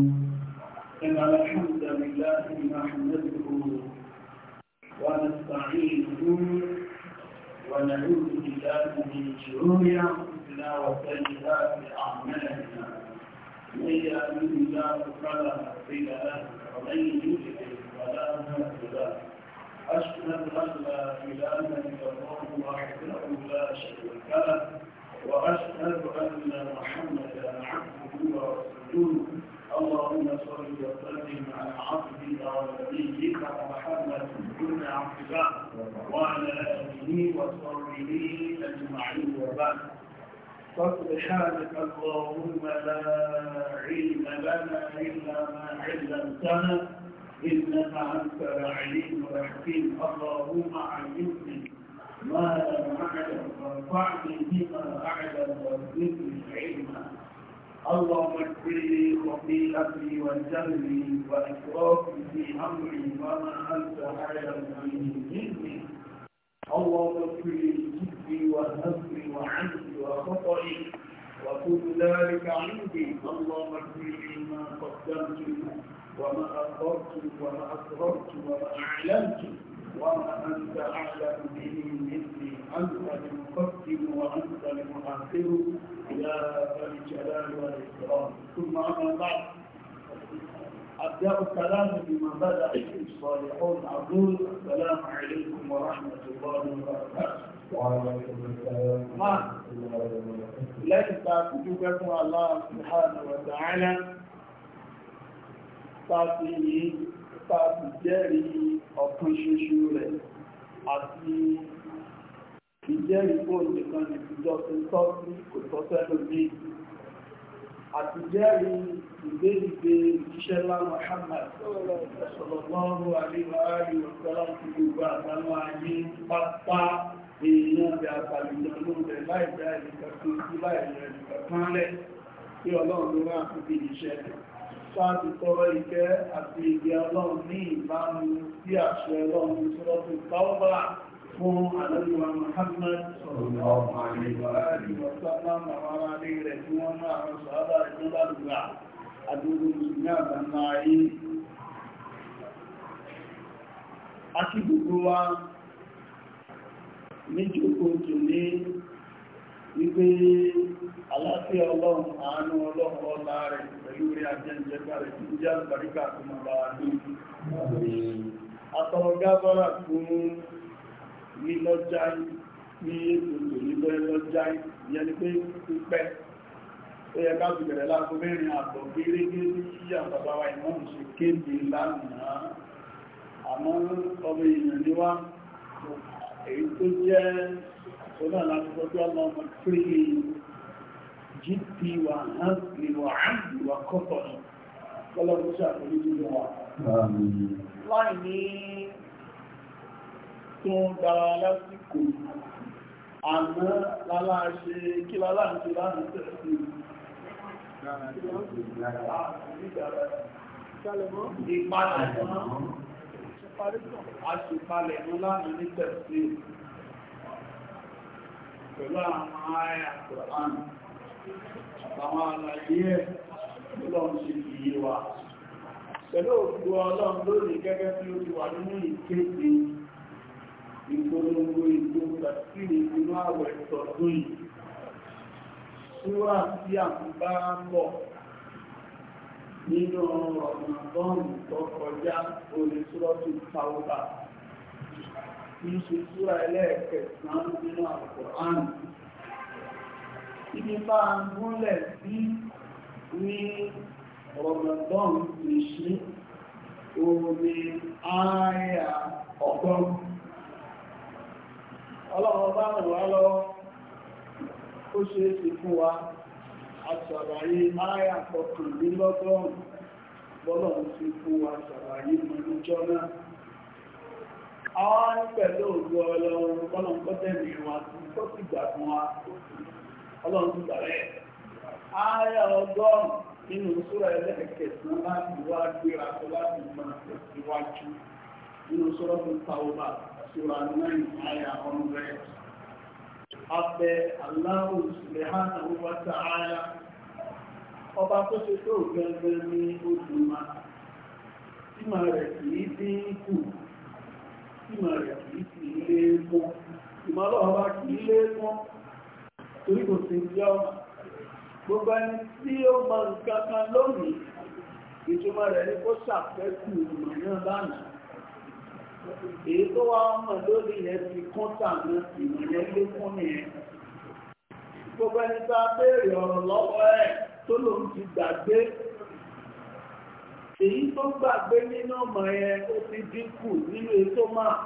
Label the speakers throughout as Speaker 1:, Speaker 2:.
Speaker 1: إن الحمد لله نحمده ونستعينه ونعوذ بالله من شرور أنفسنا وسيئات أعمالنا من يأمن الله فلا مضل له ومن يضلل فلا هادي له أشهد أن لا إله إلا الله وحده لا شريك له وأشهد أن محمدا عبده ورسوله اللهم صل وسلم على عبدك ونبيك محمد كنا
Speaker 2: عبد وعلى اله وصحبه اجمعين وبعد فسبحانك اللهم لا علم لنا الا ما علمتنا انك انت العليم الحكيم
Speaker 1: اللهم علمني ما لم اعلم وانفعني بما
Speaker 2: اعلم وزدني علما اللهم اغفر لي خطيئتي وجهلي واسرافي في امري وما انت اعلم به مني اللهم اغفر لي جدي وهمي وعمدي وخطئي وكل ذلك عندي اللهم اغفر لي ما قدمت وما اخرت وما اسررت وما اعلنت وما انت اعلم به مني انت المقدم وأنت المؤخر يا ذا الجلال والإكرام ثم أما بعد أبدأ الكلام بما بدأ الصالحون أقول السلام عليكم ورحمة الله وبركاته
Speaker 1: وعليكم السلام ورحمة الله وبركاته
Speaker 2: لكن تعتقد الله سبحانه وتعالى tàbí ní tàbí jẹ́rí ọ̀kan ṣoṣo rẹ̀ ìjẹ́rìí kó nìkan ìfìjọ ti tọ́ sí kò tọ́ sẹ́lò ní àti jẹ́rìí ìgbéríbe ìjíṣẹ́ láwọn Muhammad sallallahu alaihi wa sallam ti gbogbo àtàwọn ayé pápá èèyàn bí àtàlìyàn ló rẹ̀ láìdá ìrìnkàtò sí láìrẹ̀ ìrìnkàtánlẹ̀ tí ọlọ́run ló rán àti ìṣẹ́ sáàtì tọrọ ìkẹ́ àti ìgbé ọlọ́run ní ìbámu sí àṣẹ fún àlọ́lùwà Muhammad sallallahu alaihi wa alihi wa sallam àwọn ará ilé rẹ̀ tí wọ́n máa rán sọ́ọ́dá ìjọba lùgbà àdúgbò mùsùlùmí àgbàmà ayé àti gbogbo wa níjókòó tó ní wípé aláfíà ọlọ́run àánú ọlọ́run ọlá rẹ̀ pẹ̀lú rí ajẹ́jẹ́gbà rẹ̀ tí jẹ́ àgbàríkà tó máa bá wà ní àtọ̀rọ̀gábọ́rà fún ní lọ́jà ní ètò ní lọ́jà ìyẹn ni pé pípẹ́ ó yẹ ká bìbẹ̀rẹ̀ láàkó mẹ́rin àtọ̀ gẹ́gẹ́ ní yíyà bàbá wa ìmọ̀mù ṣe kéde lánàá àmọ́ ọmọ èèyàn ní wá èyí tó jẹ́ ọ̀nà láti fọ́jú ọlọ́mọ kiri
Speaker 1: gp wa hansley wa hansley wa kọ́tọ̀
Speaker 2: ọlọ́mọ ṣàkóso wa láì ní tó ń gba lásìkò àmọ́ lálá ṣe kí lálá ń ṣe láàrín tẹ̀sí ìpalẹ̀mọ́ aṣèpalẹ̀mọ́ láàrín ní tẹ̀sí pẹ̀lú àwọn àyà Kùrán àwọn àlàyé ẹ̀ lọ́n ṣe fi wa pẹ̀lú òkú ọlọ́run lórí gẹ́gẹ́ bí ó ti wà nínú ìkéde ìpolongo ìpò tàbí inú àwẹ̀ tọ̀dún yìí ṣúwà tí a ń bá pọ̀ nínú ọ̀nàdọ́nù tó kọjá olùsúrọ́tù tàwọ́bà tí ṣe ṣúwà ẹlẹ́ẹ̀kẹ̀sán nínú Al-Qur'an ibi bá ń gúnlẹ̀ sí ní ọ̀nàdọ́nù lè ṣe orin ààrẹ ọgọ́rùn-ún ọlọ́run bá ràn wá lọ́wọ́ ó ṣe é ṣe fún wa àṣàlàyé máyà kọkànlélọ́gọ́rùn bọ́lọ́run ti fún wa ṣàlàyé mọ́lújọ́ náà àwọn pẹ̀lú ògbò ọlọ́run bọ́lọ́run tó tẹ̀lé wa tó sì gbà fún wa ọlọ́run ti gbà rẹ̀ ààyà ọgọ́rùn nínú sóra ẹlẹ́ẹ̀kẹsàn láti wá gbéra láti mọ ìwájú nínú sọ́rọ́ tó ta ọba Surah 9, Ayah 100. After Allah subhanahu wa ta'ala, ọba tó ṣe tó gẹ́gẹ́ ní ojúmá, tíma rẹ̀ kìí dínkù, tíma rẹ̀ kìí sí ilé mọ́. Ìmọ́lọ́ ọba kìí lé mọ́, torí kò sí ilé ọmọ. Gbogbo ẹni tí ó máa ń kankan lónìí, ìtumọ̀ rẹ̀ ni kó ṣàfẹ́kù ìmọ̀ náà lánàá èyí tó wá mọ̀ lórí yẹn ti kún tàbí ìmọ̀ yẹn lé fún nìyẹn gbogbo ẹni tá a béèrè ọ̀rọ̀ lọ́wọ́ ẹ̀ tó lòun ti gbàgbé èyí tó gbàgbé nínú ọmọ yẹn ó ti dínkù nínú ètò máa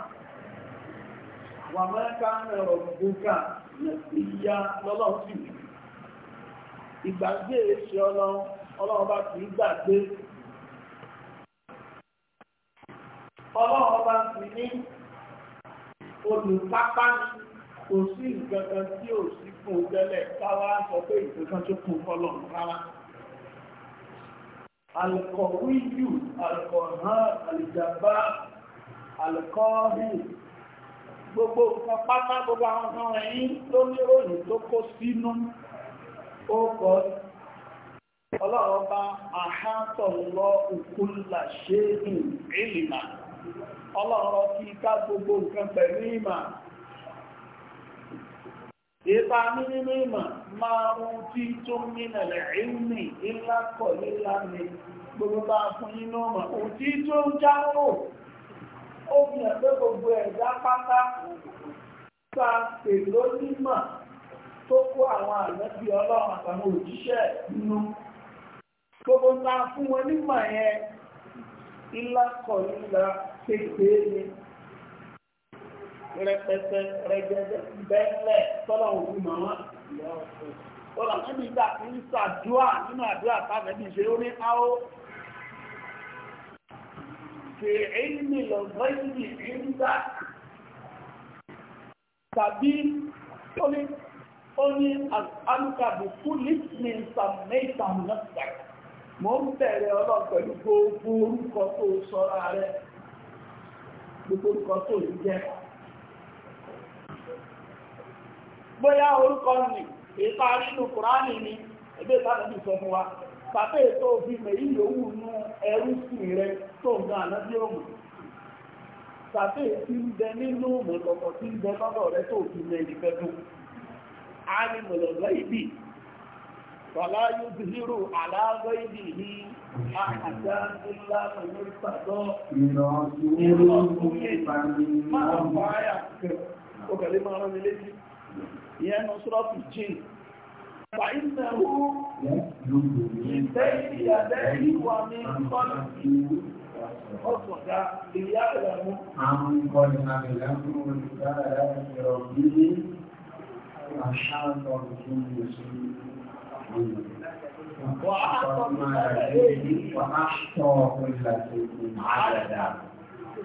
Speaker 2: wà mẹ́ta ẹ̀rọ gbogbo ìyá lọ́lọ́sì ìgbàgbé èṣẹ́ ọlọ́run ọlọ́run bá ti gbàgbé ọlọ́run ọba ń fi ní olùpápá kò sí nǹkan kan tí ò sí fún un tẹ́lẹ̀ káwá sọ pé ìtòkan tó kún fọlọ́run rárá. Àlùkọ̀wé yù, àlùkọ̀hán, àlùjàmbá, àlùkọ́hì, gbogbo nǹkan pátá gbogbo àwọn ọmọ ẹ̀yìn ló ní ròyìn tó kó sínú ó kọ́ ọlọ́run bá àhántọ̀ lọ òkúlà ṣe ìlìmọ̀. ọlọ́rọ̀ kí ká gbogbo nǹkan pẹ̀lú ìmà ìpa ní nínú ìmà máa tí tó ńlá kọ̀ nílá gbogbo bá fún inú ọmọ òtí tó ń jáwó ó gbogbo ẹ̀dá pátá sa pèló nímà tó kó àwọn ọlọ́run àtàwọn òjíṣẹ́ nínú gbogbo ta fún wọn nímà yẹn ilá kọ̀ọ̀lá kékeré ni rẹpẹtẹ rẹgẹdẹ bẹ́ẹ̀lẹ̀ tọ́lá òun màmá tọ́lá níbi ìgbà tí ń ṣàdúà nínú àdúà táwọn ẹbí ṣe ó ní áó kèé ní lọ́gbọ́ ìdí ìgbà tàbí ó ní alùkàbí fún lítìmí sàmẹ́ta lọ́sàkà. mo ń bẹ̀rẹ̀ gbogbo orúkọ tó sọ́ra rẹ̀ gbogbo orúkọ tó ń jẹ́ bóyá orúkọ nì èpa nínú kùránì ni ẹgbẹ́ ìbánadì sọ fún wa ètò yòówù ẹrú sí rẹ tó ń gan ànábí òmù bàbá ètò nínú tí ń bẹ rẹ tó òfin fún Bọ̀lá yóò ti hírò àlágọ́ ìdí ní àkàtà ńlá pẹ̀lú ìpàdọ́ ìrọ̀kùnrin máa bá àyà kẹrù. Ó kẹ̀lé máa rán mi létí. Ìyẹn nù sọ́rọ̀pù jìn. Fàínàwó ìfẹ́ ìyàdẹ́ ìwà mi kọ́lù ọ̀sọ̀dá ìyá ìlànà. Àwọn ìkọlù náà
Speaker 1: ìlànà ìgbà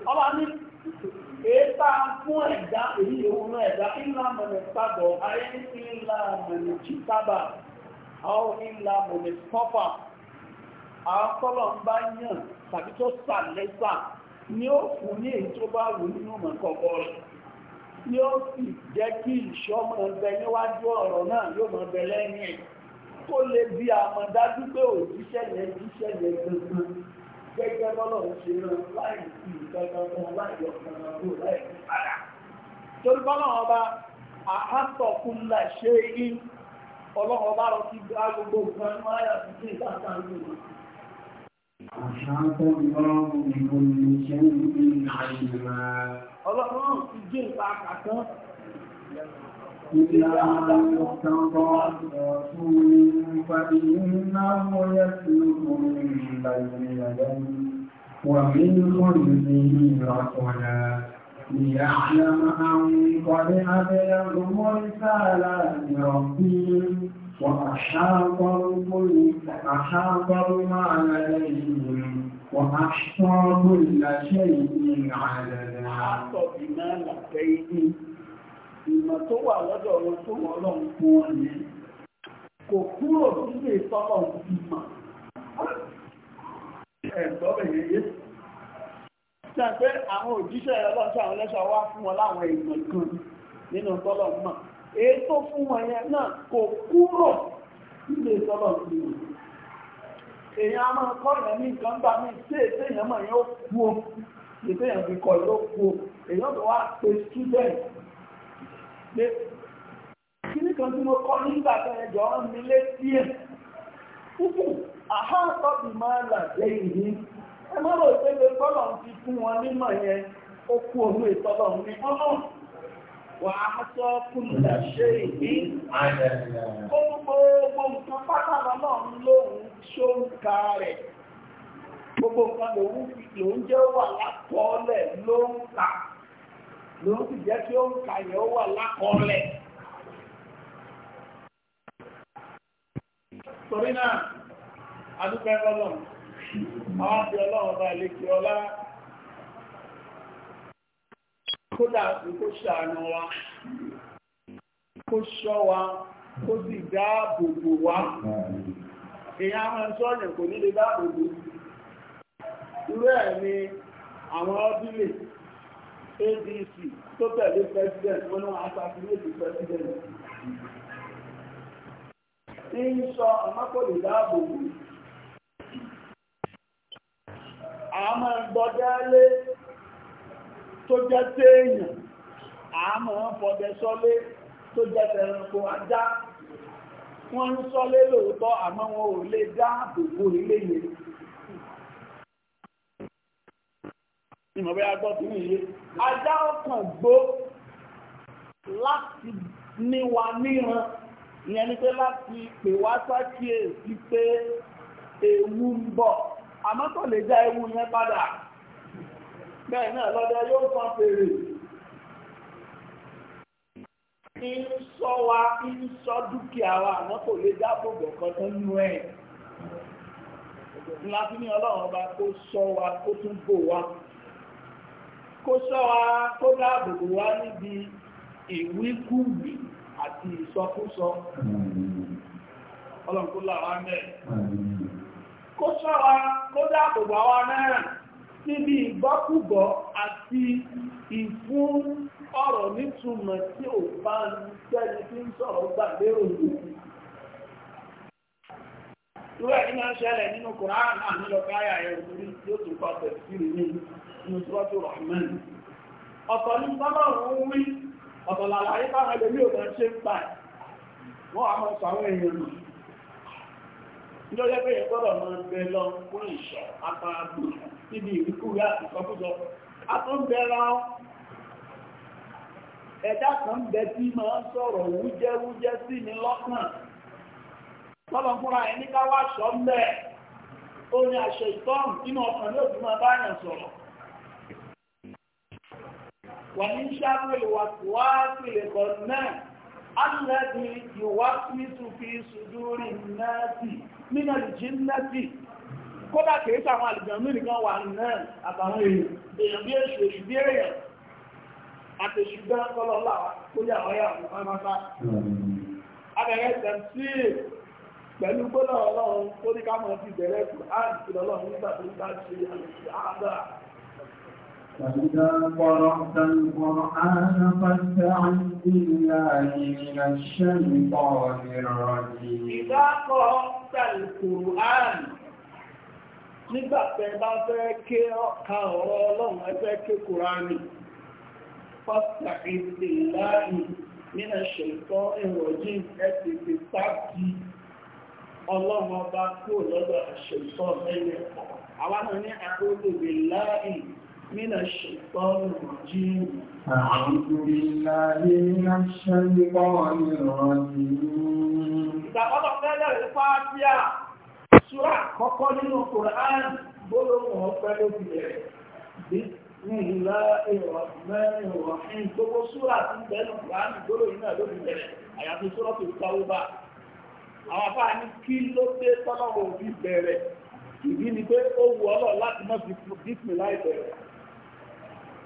Speaker 2: Ọba ní èépa fún ẹ̀dá èyí òun náà ẹ̀dá ńlá mọ̀nà sábọ̀ ayé ńlá mọ̀nà jítábà àwọn ńlá mọ̀nà sọ́fà àwọn kọ́lọ̀ ń bá yàn tàbí tó sà lẹ́sà ni ó fún ní èyí tó bá wù nínú mọ̀ kọ̀kọ́ rẹ̀ ni ó sì jẹ́ kí ìṣọ́mọ̀ bẹ kó lè di àmọ̀dájú pé òjíṣẹ́ yẹn jíṣẹ́ yẹn gbogbo gẹ́gẹ́ bọ́lọ̀ ń ṣe rán láì sí ìkankan láì yọ kankan kó láì sí ara. torí bọ́lọ̀ ọba àhásọ̀kúnlá ṣe yí ọlọ́run ọba lọ sí gbogbo nǹkan ní wáyà tuntun ìdáta ń lò.
Speaker 1: Àṣàkọ́ ìlọ́run ìbọn ìṣẹ́ ìlú ìlú àìyíra.
Speaker 2: Ọlọ́run ti jẹ́ ìpa àkàkán. إلا أن
Speaker 1: يتبع رسول فإنه يسلك من بين يديه ومن خلفه رسلا ليعلم أن قد أبلغوا رسالات ربهم وأحاط بكل أحاط بما لديهم وأحصى كل شيء عددا. أحاط
Speaker 2: بما لديهم ìmọ̀ tó wà lọ́dọ̀ wọn tó wọ́n lọ́n fún wọn ní kò kúrò nílé tọ́lọ̀ ìmọ̀ ẹ̀gbọ́ bẹ̀yẹ yé ṣe àwọn òjíṣẹ́ ọlọ́ṣọ́ àwọn wá fún wọn láwọn ìmọ̀ kan nínú tọ́lọ̀ mọ̀ èyí tó fún wọn yẹn náà kò kúrò nílé tọ́lọ̀ ìmọ̀ èèyàn a máa kọ́ ìyẹn ní nǹkan gbà mí tí èdè èèyàn mọ̀ yẹn ó kú èdè èèyàn fi kọ̀ yóò kú o èèyàn wá pe student pé kí kan tí mo kọ́ nígbà tó ẹjọ́ ọ̀rọ̀ mi létí ẹ̀ púpù àhántọ́ bí máa ẹ má lò pé ti fún wọn nímọ̀ yẹn ó kú òun ìtọ́lọ̀ ní ọmọ wà á sọ fún gbogbo nǹkan pátá ka rẹ̀ gbogbo nǹkan lòun jẹ́ wà lápọ̀ọ́lẹ̀ kà ló ń jẹ́ kí ó ń ka ó wà lákọọ́lẹ̀. torí náà adúpẹ́ ọlọ́run àwọn àti ọlọ́run ọba ìlẹ́kẹ̀ ọlá kódà kó ṣàánú wa kó ṣọ́ wa kó sì dáàbò bò wa èyàn àwọn ẹ̀ṣọ́ ọ̀yàn kò ní lè dáàbò bò irú ẹ̀ ni abc tó tẹ̀lé president wọn ni wọ́n assassinate president. ní sọ ọmọkòlè dáàbò wò. àmọ́ gbọ́dálé tó jẹ́ téèyàn àmọ́ fọdẹ́sọ́lé tó jẹ́ tẹranko ajá wọ́n ń sọ́lé lóòótọ́ àmọ́ ìmọ̀wé agbọ́tún yìí ajá ọkàn gbó láti ní wa níran ìyẹn ni pé láti pè wá sákìyèsí pé ewu ń bọ̀ àmọ́ kò lè já ewu yẹn padà bẹ́ẹ̀ náà lọ́dẹ yóò kan fèrè ń sọ wa ń sọ dúkìá wa àmọ́ kò lè dáàbò bò kankan nú ẹ̀ ńlá fi ní ọlọ́run ọba kó sọ wa kó tún bò wa. kó sọ wa kó bò wá níbi ìwíkúwì àti ìsọkúsọ ọlọ́run kó kó sọ wa kó dáàbòbò wa náà níbi ìgbọ́kúgbọ́ àti ìfún ọ̀rọ̀ nítumọ̀ tí ò bá ń tẹ́lẹ̀ tí ń sọ̀rọ̀ Irú ẹ̀ ní máa ń ṣẹlẹ̀ nínú àmì lọ́kọ́ nùsùlọ́tò rahman ọ̀tọ̀ ní sábàrún wí ọ̀tọ̀ làlàyé bá rẹ̀ lórí òun ṣe ń pa wọ́n a ị sọ àwọn èèyàn nù nítorí pé yẹn gbọ́dọ̀ ẹ̀dá kan máa ń sọ̀rọ̀ wújẹ́wújẹ́ sí mi lọ́kàn fúnra ẹ̀ ní ká wá ṣọ́ ó ní àṣẹ ìtọ́rùn ọkàn ní ومن شر الوسواس الخناس الذي يوسوس في صدور الناس من kódà kìí sàwọn àlìjàmí nìkan wà náà àtàwọn èèyàn bí èṣù èṣù bí èèyàn àti èṣù bí ọlọ́lá tó yà wáyà pátápátá abẹ̀rẹ̀ tẹ̀sí pẹ̀lú gbọ́dọ̀ ọlọ́run tó ní ká sí bẹ̀rẹ̀
Speaker 1: فإذا قرأت القرآن فاستعذ بالله من الشيطان
Speaker 2: الرجيم إذا قرأت القرآن nígbà tẹ́ bá fẹ́ ké ka ọ̀rọ̀ ọlọ́run ẹ fẹ́ ké kùránì فاستعذ بالله من الشيطان الرجيم ẹ ti fi sáàkì ọlọ́run ọba kúrò lọ́dọ̀ ṣètọ́ ẹ̀yẹ àwọn من أعوذ بالله
Speaker 1: من الشيطان الرجيم
Speaker 2: Ìgbàkọ́lọ̀ tẹ́lẹ̀ ìfáàtíà, ṣúra kọ́kọ́ nínú Kùrán gbólóhùn ọpẹ́ ló fi rẹ̀. Bísmì ìlà ìrọ̀mẹ́rin rọ̀hìn gbogbo ṣúra ti ń bẹ̀rù Kùrán gbólóhùn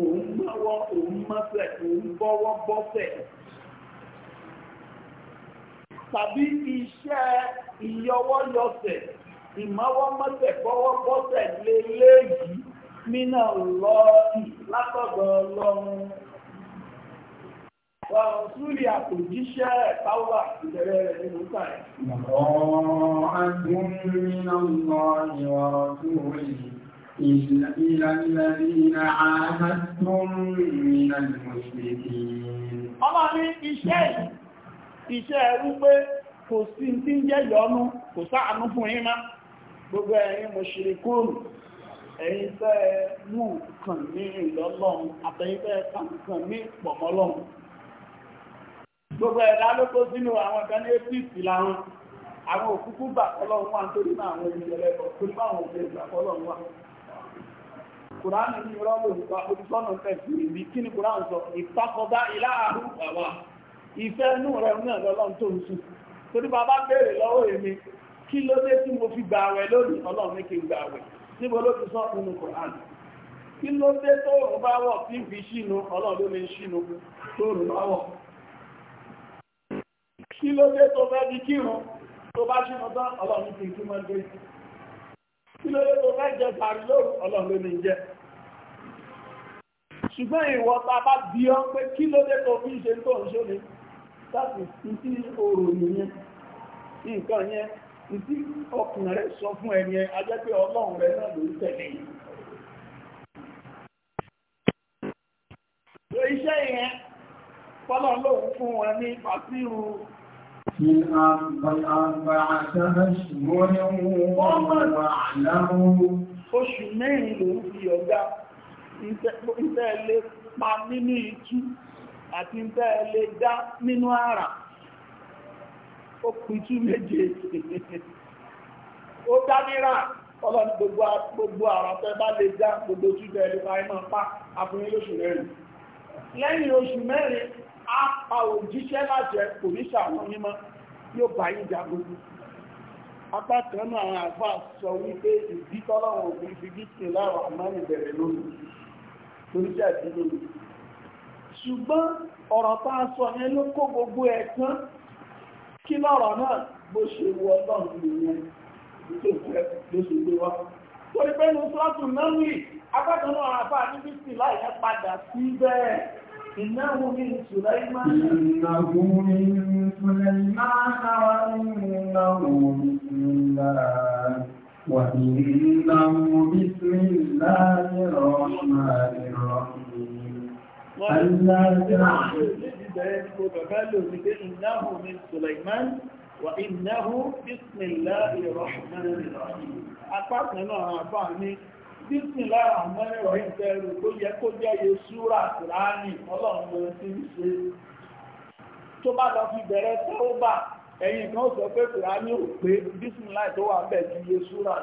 Speaker 2: òun gbọ́wọ́ òun mọ́sẹ̀ òun gbọ́wọ́ bọ́sẹ̀ tàbí iṣẹ́ ìyọwọ́yọsẹ̀ ìmọ́wọ́mọ́sẹ̀ bọ́wọ́ bọ́sẹ̀ lélẹ́yìí nínà lọ látọ̀dọ̀ ọlọ́run Wọ́n súrí àpòjíṣẹ́ ẹ̀táwà ìbẹ̀rẹ̀ rẹ̀ nínú
Speaker 1: sáà. Ọ̀rọ̀ àjúmí náà lọ ìwọ̀n tó rí. إلى الذين عاهدتم من المشركين
Speaker 2: ọmọ ní iṣẹ́ iṣẹ́ ẹrú pé kò sí tí ń jẹ́ yọnú kò sáànú fún yín má gbogbo ẹ̀yin mùṣírikùn ẹ̀yin tẹ́ mú kàn ní ìlọ́lọ́run àtẹ̀yin tẹ́ ẹ̀dá ló kó sínú àwọn kan ní apc láwọn àwọn òkúkú gbà fọ́lọ́run wà nítorí náà àwọn ènìyàn lẹ́kọ̀ọ́ torí báwọn òkè gbà fọ́lọ́run wà kùránì ní irọ́ ló nípa olùsọ́nà tẹ̀sí ìbí kí ni kùránì sọ ìtakọ̀dá ilá àrùn bàbá ìfẹ́ inú rẹ̀ náà lọ́lọ́run tó ń sùn torí bàbá béèrè lọ́wọ́ èmi kí ló dé tí mo fi gbà àwẹ̀ lónìí ọlọ́run ní kí n gbà àwẹ̀ níbo ló ti sọ nínú kùránì kí ló dé tó òun bá wọ̀ tí ń fi ṣínú ọlọ́run ló ní ṣínú tó òun bá wọ̀ kí ló dé tó fẹ́ di kírun tó bá ṣínú tán ọlọ́run ti kí ló dé tó fẹ́ jẹ sàrí lóru ọlọ́run ló ní jẹ ṣùgbọ́n ìwọ ta bá bí ọ pé kí ló dé tó fi ṣe tó ń ṣó ni láti fi sí òrò nìyẹn nǹkan yẹn ìdí ọkùnrin rẹ sọ fún ẹni ẹ ọlọ́run rẹ náà ló ń tẹ̀lé yìí. iṣẹ́ yẹn fọlọ́ من أربعة أشهر واعلموا Oṣù mẹ́rin ló ń fi ọ̀gá, ìtẹ́ ilé pa nínú ìtú àti ìtẹ́ ilé dá nínú ara. Ó kù ìtú méje. Ó dá níra, ọlọ́ni gbogbo ara tẹ́ bá lè dá gbogbo túbẹ̀ ilé pa ẹmọ́ pa, àfihàn lóṣù mẹ́rin. Lẹ́yìn oṣù mẹ́rin, á pa òjíṣẹ́ lájẹ kò ní ṣàwọn mímọ́ yóò bá yín jagun apá kan náà àwọn àfáà sọ wípé ìdí tọ́lọ́wọ̀n òfin fi gíkì láwọn àmọ́rin bẹ̀rẹ̀ lónìí toríṣẹ́ àti lónìí ṣùgbọ́n ọ̀rọ̀ tá a sọ yẹn ló kó gbogbo ẹ̀ tán kí lọ́rọ̀ náà bó ṣe wọ ọlọ́run nìyẹn tó fẹ́ ló ṣe gbé wá torí pé nù sọ́ọ̀tù náà wì apá kan náà àwọn àfáà ní إنه من سليمان إنه من سليمان
Speaker 1: وإنه بسم الله وإنه بسم الله الرحمن الرحيم إنه
Speaker 2: من سليمان وإنه بسم الله الرحمن الرحيم أقرأت لنا أعطاني bísí lára àwọn ẹ̀rọ ìbẹ̀rù tó yẹ kó jẹ́ yesúra kùránì ọlọ́run ti ń ṣe tó bá lọ fi bẹ̀rẹ̀ bà ẹ̀yìn kan sọ pé kùránì ò pé disneyland tó wà bẹ́ẹ̀ ju yesúra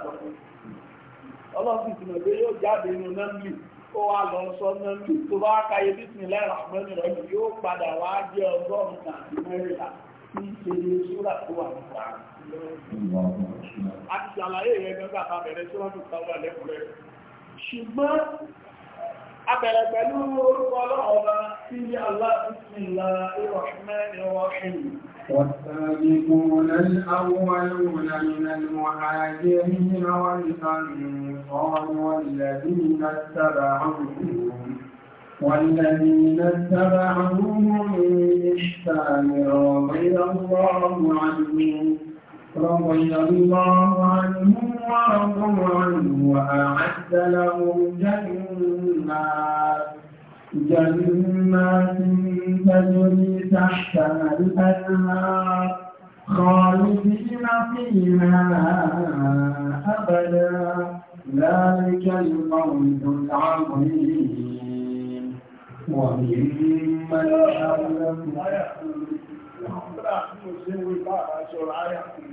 Speaker 2: pé yóò jáde lọ sọ tó bá àwọn yóò padà wá ṣùgbọ́n abẹ̀rẹ̀ pẹ̀lú orúkọ ọlọ́ọ̀lá sí aláàbísìnlá ìrọ̀ṣmẹ́rin rọ̀ṣìn والسابقون
Speaker 1: الأولون من المهاجرين والأنصار والذين اتبعوهم والذين اتبعوهم بإحسان رضي الله عنهم رضي الله عنهم ورضوا عنه وأعد لهم جنات جنات تجري تحتها الأنهار خالدين فيها أبدا ذلك الموت العظيم وممن حولكم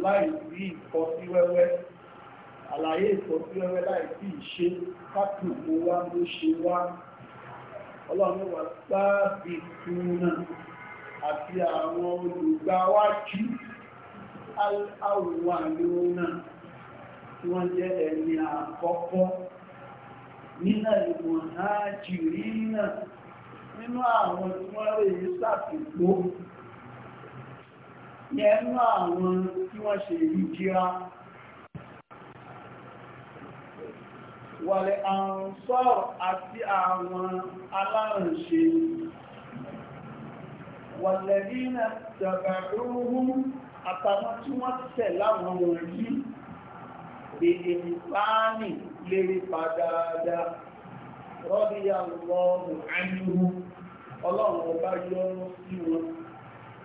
Speaker 2: láì sí ìfọ́síwẹ́wẹ́ àlàyé ìfọ́síwẹ́wẹ́ láì sí ìṣe kápùkù wá ló ṣe wá ọlọ́run wà sáàbì túnà àti àwọn olùgbàwájú aláwùwà lónà tí wọ́n jẹ́ ẹni àkọ́kọ́ nínà ìwọ̀n náà jìrì náà nínú àwọn tí wọ́n rèé sàtìpó ní ẹnu àwọn tí wọ́n ṣe ìjíra wàlẹ̀ àwọn sọ́rọ̀ àti àwọn alárànṣe wàlẹ̀ nínà tẹ̀bẹ̀rún àtàwọn tí wọ́n tẹ̀ láwọn wọ̀nyí èdè ìpáàní lérí padàdà rọ́bíyà lọ́rùn ánìhù ọlọ́run ọba yọ́rùn sí wọn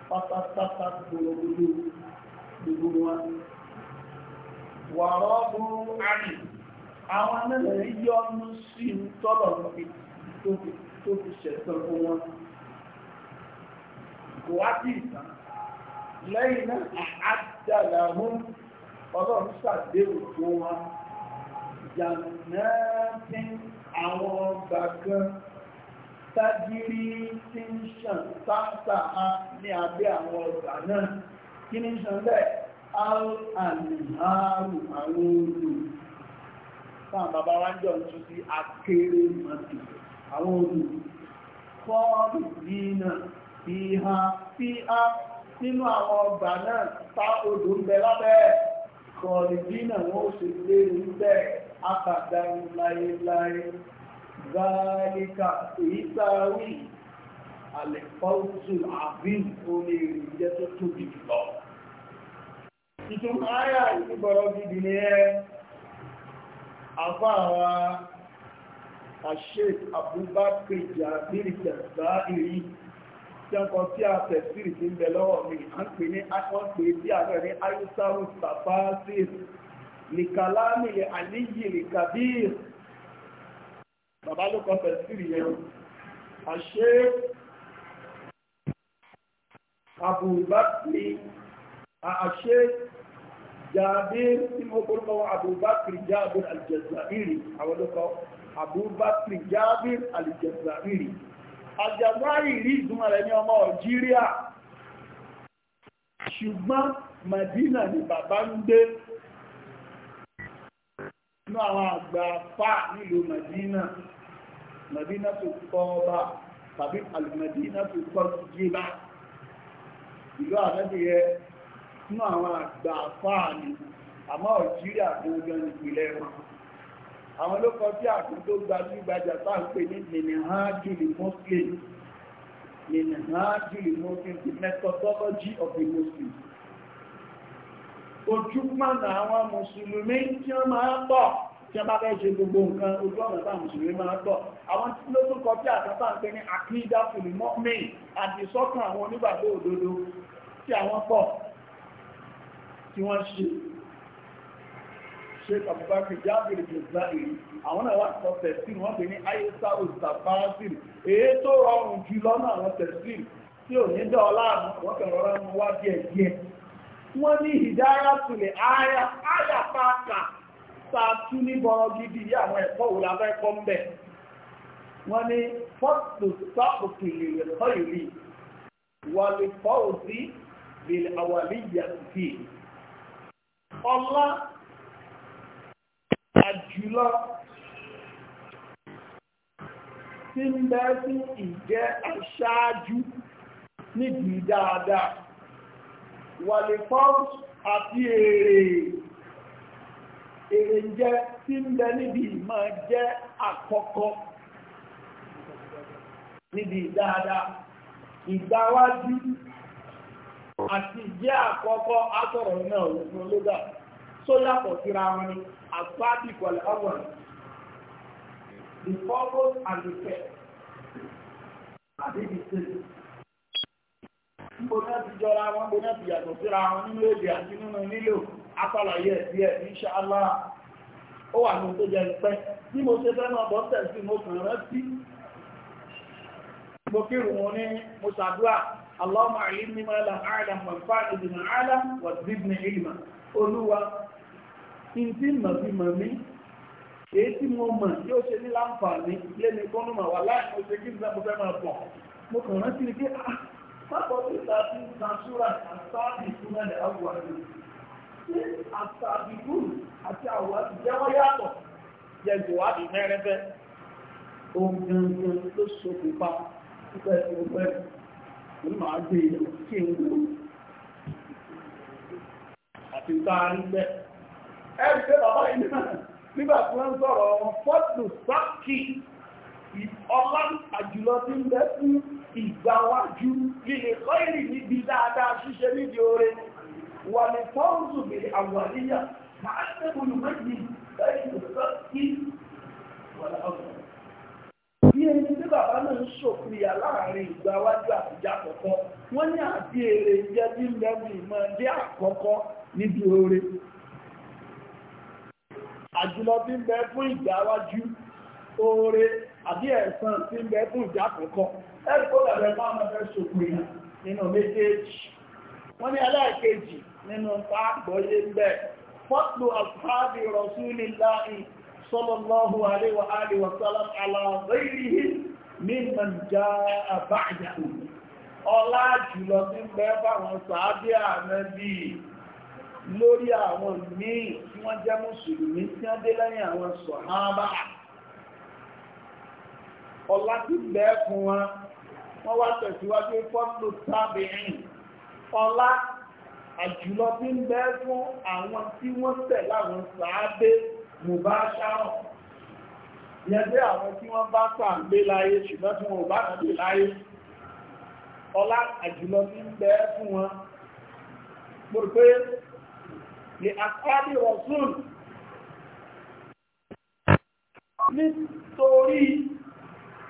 Speaker 2: pátápátá gbogbo gbogbo wọn wàrọ̀ burú àmì àwọn mẹ́lẹ̀ yọ́nú sí tọ́lọ̀ tó fi ṣẹ̀tọ́ fún wọn kò wá sí ìtàn lẹ́yìn náà àádàlà hún ọlọ́run ṣàdéhùn fún wọn jàǹdà àwọn ọgbà tajiri tí ń ṣàn tààtà á ní abẹ́ àwọn ọgbà náà kí ní ṣàn bẹ́ẹ̀ al-anharu àwọn odò táwọn bàbá wa ń jọ ń tún sí akéré mọ́tò àwọn odò fọ́ọ̀rù dínà ìhà fíhá nínú àwọn ọgbà náà tá odò ń bẹ lábẹ́ kọ̀ọ̀rù dínà wọ́n ó ṣe lé ń bẹ́ẹ̀ àtàdá láéláé ذلك إيساوي الفوز العظيم أولي رجاته بالله ìtumọ̀ ayà ìbọ̀rọ̀ gidi ni ẹ́ àfáàwà àṣẹ́k àbúbákẹ̀ jàbírì jàbá ìrí jẹ́kọ̀ tí a tẹ̀sírì tí ń bẹ lọ́wọ́ mi a ń pè ní akọ́pẹ̀ tí a rẹ̀ ní ayúsáwù tàbá sí nìkàlámì àníyìrì kàbíyìrì bàbá ló kọ tẹ̀sírì yẹn àṣé àbùbákìrì àṣé jàbír tí mo kọ́ lọ́wọ́ àbùbákìrì jàbír àlìjẹ̀sàírì àwọn ló kọ àbùbákìrì jàbír àlìjẹ̀sàírì àjàgbáìrí ìdúnmà rẹ̀ ní ọmọ Algeria ṣùgbọ́n Madina ni bàbá ń gbé ní àwọn àgbà fà nílùú Madina Madina tó kọ́ bá tàbí alìmọ̀dínà tó kọ́ jíbá ìlú àmẹ́bí yẹ nínú àwọn àgbà fáà ni àmọ́ Algeria gbogbo ìpìlẹ̀ wọn àwọn ló kọ sí àkùn tó gbajúgbajà tá ń pè ní minhajuli muslim minhajuli muslim the methodology of the muslim ojúmọ̀nà àwọn mùsùlùmí tí wọ́n máa pọ̀ tí wọ́n bá fẹ́ ṣe gbogbo nǹkan ojú ọ̀nà bá mùsùlùmí máa pọ̀ àwọn tí ló tún kọ tí àtàtà ń pè ní àkídá fìlìmọ́mì àdìsọ́kàn àwọn onígbàgbọ́ òdodo tí àwọn pọ̀ tí wọ́n ṣe ṣe àbúbákì jábìrì jùlọ èyí àwọn náà wà sọ tẹ̀sìn wọ́n pè ní ayéṣà òṣàfáàsìn èyí tó rọrùn jù lọ́nà àwọn tẹ̀sìn tí ò ní dọ́ọ̀lá àwọn kẹrọrọ mú wá díẹ̀ wọ́n ní ìdára tulẹ̀ àyà àyà pàákà sàtú ní bọ̀rọ̀ gidi yí àwọn ẹ̀kọ́ wò la fẹ́ kọ́ mbẹ̀. wọ́n ní fọ́tò sọ́ọ̀kì lè kọ́ ìrì wọ́n lè fọ́ òsì lè àwàlí yàtì. ọlá àjùlọ tí ń bẹ fún ìjẹ́ aṣáájú nídìí dáadáa wàlè fọ́ọ̀t àti èrè èrè ń jẹ́ tí ń bẹ níbi ìmọ̀ jẹ́ àkọ́kọ́ níbi dáadáa ìgbáwájú àti jẹ́ àkọ́kọ́ átọ̀rọ̀ náà òfin lóga tó yàtọ̀ síra wọn ni àgbádìí pẹ̀lú ọgbọ̀n the purpose and the care àti the state níbo náà ti jọra wọn bó náà ti yàtọ̀ síra wọn nínú èdè àti nínú nílò apàlàyé ẹ̀sí ẹ̀ insha Allah ó wà ní tó jẹ ìpẹ́ tí mo ṣe fẹ́ náà bọ́sẹ̀ sí mo kàn rántí mo kírù wọn ní mo ṣàdúrà Allahumma allimni ma la a'lam wanfa'ni bima a'lam wa zidni ilma olúwa ìdí màbí mọ̀ tí ó sábọ̀tì tàbí nàṣúrà àtàbí ìfúnnẹ̀lẹ̀ àwùwárí ṣé àtàbí gúrù àti àwùwárí jẹ́ wọ́n yàtọ̀ jẹ́ ìwádìí mẹ́rẹ́fẹ́ ohun gangan ló ṣokùnfà pípẹ́ ìgbẹ́ ní màá gbé ìlú e kí n wò àti sáárí bẹ́ ẹ̀rí pé bàbá yìí nígbà tí wọ́n ń sọ̀rọ̀ wọn fọ́tò sákì ọlá àjùlọ tí ń bẹ fún ìgbàwájú lílẹ̀ kọ́ìrì níbi dáadáa ṣíṣe níbi oore wà ní fọ́ọ̀sù bèrè àwàríyà máa ń tẹ́ olùmọ́jì méjì bí ẹni tí bàbá náà ń láàrin ìgbàwájú àtijọ́ àkọ́kọ́ wọ́n ní àbí èrè jẹ́ bí lẹ́nu ìmọ̀ àkọ́kọ́ níbi oore àjùlọ fún ìgbàwájú àbí ẹ̀san tí ń bẹ fún ìjà àkọ́kọ́ ẹ̀rí kó dàbẹ̀ máa ń fẹ́ ṣòpin nínú méjèèjì wọ́n ní ẹlẹ́ẹ̀kejì nínú bá gbọ́yé ń bẹ̀ fọ́tù àfáàbì rasulillahi sallallahu alaihi wa alihi wa sallam ala ghairihi mimman jaa ba'dahu ọlá jùlọ tí ń bẹ fáwọn sàábì ọ̀la ti bẹ́ fún wa wọ́n wá tẹ̀síwájú fọ́tò tábìrìn ọ̀la àjùlọ ti ń bẹ́ fún àwọn tí wọ́n tẹ̀ láwọn sàábé mùbáṣáhùn yẹn pé àwọn tí wọ́n bá sàgbé láyé ṣùgbọ́n tí wọ́n bá sàgbé láyé ọlá àjùlọ ní bẹ́ fún wọn pòròpé lè àkọ́bí rọ̀sùn nítorí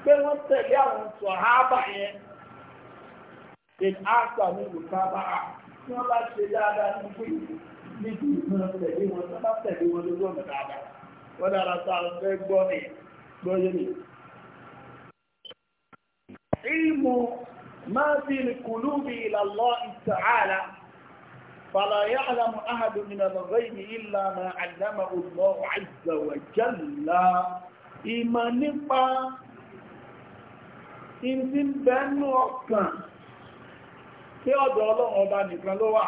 Speaker 2: pé wọ́n tẹ̀lé àwọn sọ̀hábà yẹn in áṣà ní olùkábà tí wọ́n bá ṣe dáadáa ní pé níbi ìgbọ́n tẹ̀lé wọn tó bá tẹ̀lé wọn lójú ọ̀nà dáadáa wọ́n dára sá fẹ́ gbọ́ mi gbọ́ yé mi. Ìmù máa fi kùlùbì ila Allah ta'ala فلا يعلم أحد من الغيب إلا ما علمه الله عز وجل إما نفا ìntí bẹ́ẹ̀nù ọkàn tí ọ̀dọ̀ ọlọ́run ọba nìkan ló wà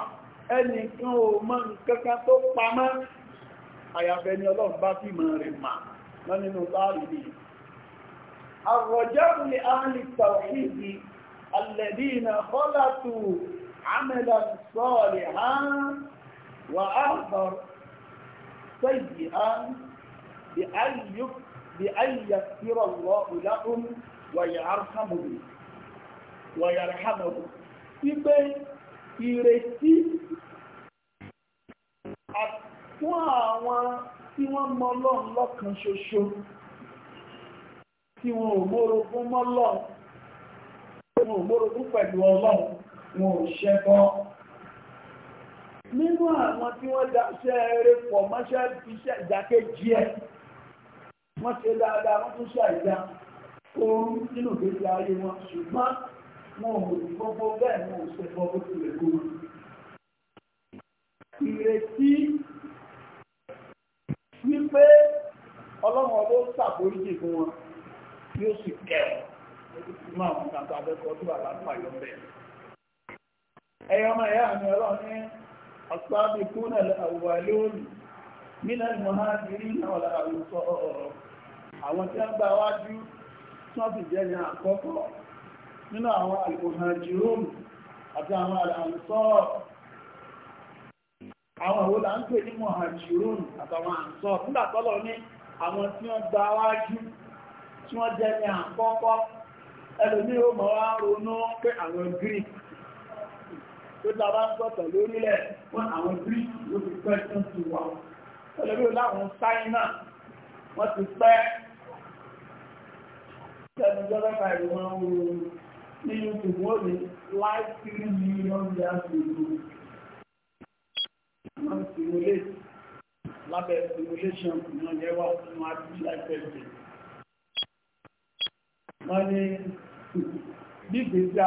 Speaker 2: ẹnìkan ò mọ̀ nǹkankan tó pamọ́ àyàfẹ́ ni ọlọ́run bá fi mọ̀ rẹ̀ mà wọ́n nínú báàrí ni àrọ̀jẹ́rù ni ahli tawhidi alladina khalatu amalan salihan bi an yaghfira lahum wàyàrhámọ̀bù wípé ìrètí fún àwọn tí wọ́n mọ Ọlọ́run lọ́kan ṣoṣo tí wọn ò mórogún mọ́lọ́run wọn ò mórogún pẹ̀lú Ọlọ́run wọn ò ṣẹbọ nínú àwọn tí wọ́n daṣẹ́ eré pọ̀ mọ́ṣẹ́ iṣẹ́ ìdákẹ́jì wọ́n ṣe dáadáa wọ́n tún ṣàìdá oorun nínú ìgbésí ayé wọn ṣùgbọ́n wọn ò rí gbogbo bẹ́ẹ̀ wọn ò ṣe gbọ́ bó tilẹ̀ kó wọn. ìrètí wípé ọlọ́run ọdún ṣàforíjì fún wọn yóò sì kẹ́ ọ nínú àwọn kàtà abẹ́kọ̀ọ́ tó wà lápá yọ bẹ́ẹ̀. ẹ̀yọ́ ọmọ ẹ̀yà mi ọlọ́run ní ọ̀sáàbí kúnà àwùwà lónìí nínú ìmọ̀hánà ìrìnà ọ̀làrà àwọn tí wọ́n gbà wájú wọ́n jẹ́ ní àkọ́kọ́ nínú àwọn alìmọ̀hajirun àti àwọn àlàǹsọ́ àwọn òwò là ń pè ní mọ̀hajirun àtàwọn àǹsọ́ nígbàtọ́lọ ní àwọn tí wọ́n gba wájú tí wọ́n jẹ́ ní àkọ́kọ́ ẹlòmí ó mọ̀ wá ronú pé àwọn greek tó ń lórílẹ̀ kẹ́lú jọ́lọ́pàá ìwọ̀n oòrùn ní YouTube ní live three million years ago. wọ́n simulate lábẹ́ simulation náà yẹ wá fún artificial intelligence. wọ́n ní bí gbèsè pé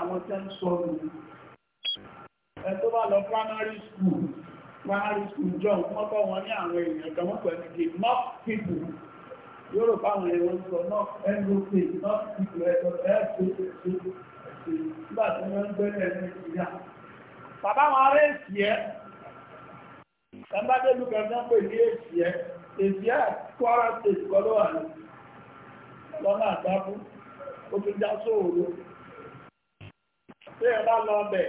Speaker 2: àwọn tẹ́ ń sọ ọ́nà ẹ tó bá lọ primary school primary school jọ wọ́n kọ́ wọn ní àwọn èèyàn kan wọ́n pẹ̀lú the mock people yóò fáwọn èèyàn sọ náà ndp mock people ẹ̀sọ́ ẹ̀sọ́ ẹ̀sọ́ nígbà tí wọ́n ń gbẹ́lẹ̀ ní ìyá bàbá wọn ará èsì ẹ́ ẹ̀mbádẹ́lú kẹfẹ́ pè ní èsì ẹ́ èsì ẹ́ Kwara State kọ́ ló wà ní lọ́nà àgbáfún ó tún já sóòrò tí ẹ bá lọ bẹ̀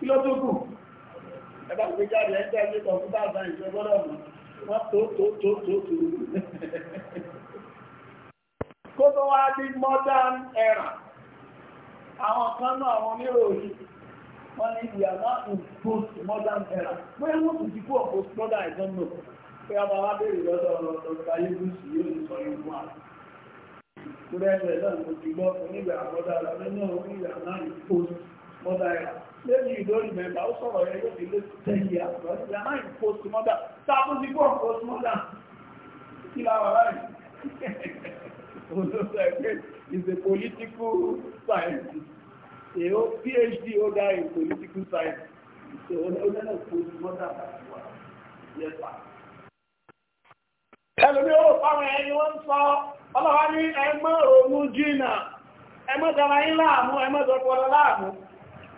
Speaker 2: kí ló tó kù ẹ̀bá gbé jáde ẹ̀ńtẹ́ ẹ̀ńtẹ́ kọ̀ǹpútà sáyẹ̀nsì ọgbọ́dọ̀ mọ̀ wọ́n tó tó tó tó tó kó tó wá di modern era àwọn kan náà àwọn oníròyìn wọ́n ní ìyá náà ń post modern era bóyá wọ́n kò ti kú ọ̀pọ̀ modern ẹ̀gbọ́n náà pé a bá wá béèrè lọ́dọ̀ ọ̀dọ̀ ayébùsù yóò ní sọ ìlú wa kúrẹ́ẹ̀tẹ̀ náà mo ti gbọ́ onígbà àbọ̀dá lọ́dọ̀ náà onígbà náà ń post mother era. Maybe you don't remember. Ó sọ̀rọ̀ yẹn yóò fi lé ten years. But they are not post mother. Sáàbù ti gbọ́ post mother. Kí la wà láyé? Olóòtú ẹgbẹ́ is a political science. Èyó PhD ó dá in political science. So o lọ́wọ́ náà post mother wà? Yẹ́sà. Ẹlòmí ó fáwọn ẹni wọ́n ń sọ, ọlọ́wọ́ ní ẹgbẹ́ òun jìnnà, ẹgbẹ́ jọba yín láàmú, ẹgbẹ́ jọba láàmú.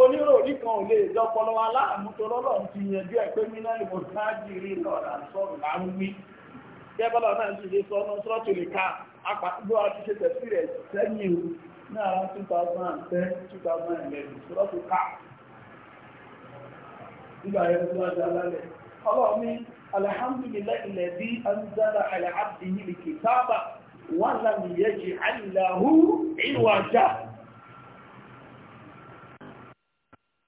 Speaker 2: oníròrí kan ò lè dọ́pọlọ aláàmú tó lọ́lọ́run ti yanjú ẹ̀ pé mínẹ́lì mo ká jírí lọ́ra sọ̀rọ̀ ń wí gẹ́bọ́lá náà ti lè sọ ọ́nà sọ́ọ̀tù lè ká apàtúgbò àti ṣe o ní àwọn 2010 2011 sọ́ọ̀tù ka nígbà yẹn tó anzala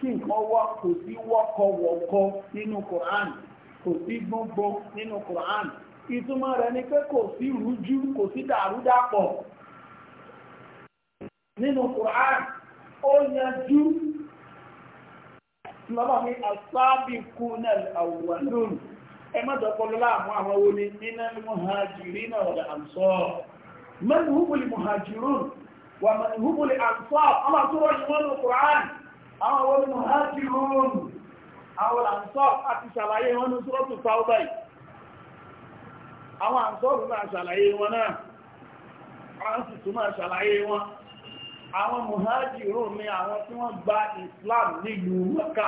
Speaker 2: kí nǹkan kò sí wọ́kọ̀wọ̀kọ nínú Quran kò sí gbọ́ngbọ́n nínú Quran ìtumọ̀ rẹ̀ ni pé kò sí rújú kò sí dàrúdàpọ̀ nínú Quran ó yanjú lọ́wọ́ ní asábìkúnà àwòrán ẹ má láàmú àwọn ní nínú muhajiri náà àmsọ́ mẹ́rin húbùlì wà mẹ́rin húbùlì àmsọ́ ọmọ Quran àwọn owó nínú hajji rúùnù àwọn àǹsọ́ àti ṣàlàyé wọn ní sọ́rọ̀tù fáwọ́bà àwọn àǹsọ́ rú náà ṣàlàyé wọn náà france tún máa ṣàlàyé wọn àwọn àwọn tí gba Islam nílùú Mẹ́kà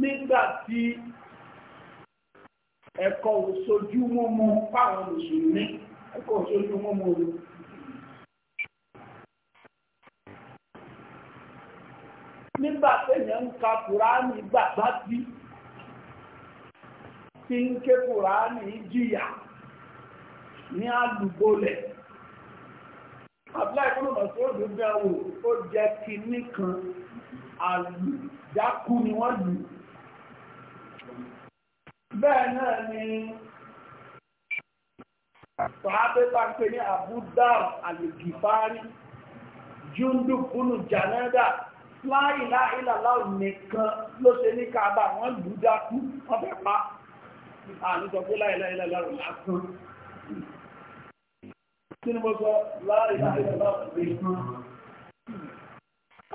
Speaker 2: nígbà ẹ̀kọ́ òṣojú mú mú fáwọn kọ̀ ṣe tí wọ́n mọ̀ lò. nígbà téèyàn ń ka kùránì gbàgbá bí tí ń ké kùránì jìyà ní àlùbọ́lẹ̀ àbúláì kúrò lọ sí òdò bí ẹwò ó jẹ́ kìíní kan àlùjákú ni wọ́n lù bẹ́ẹ̀ náà ni sọ́hábẹ́ bá ń pè ní abudar alìgifari jundu bunu janada láìlá ìlàlá nìkan ló ṣe ní kaaba wọ́n lù dákú wọ́n fẹ́ pa àlùsọ pé láìlá ìlàlá lásán kí ni mo sọ láìlá ìlàlá nìkan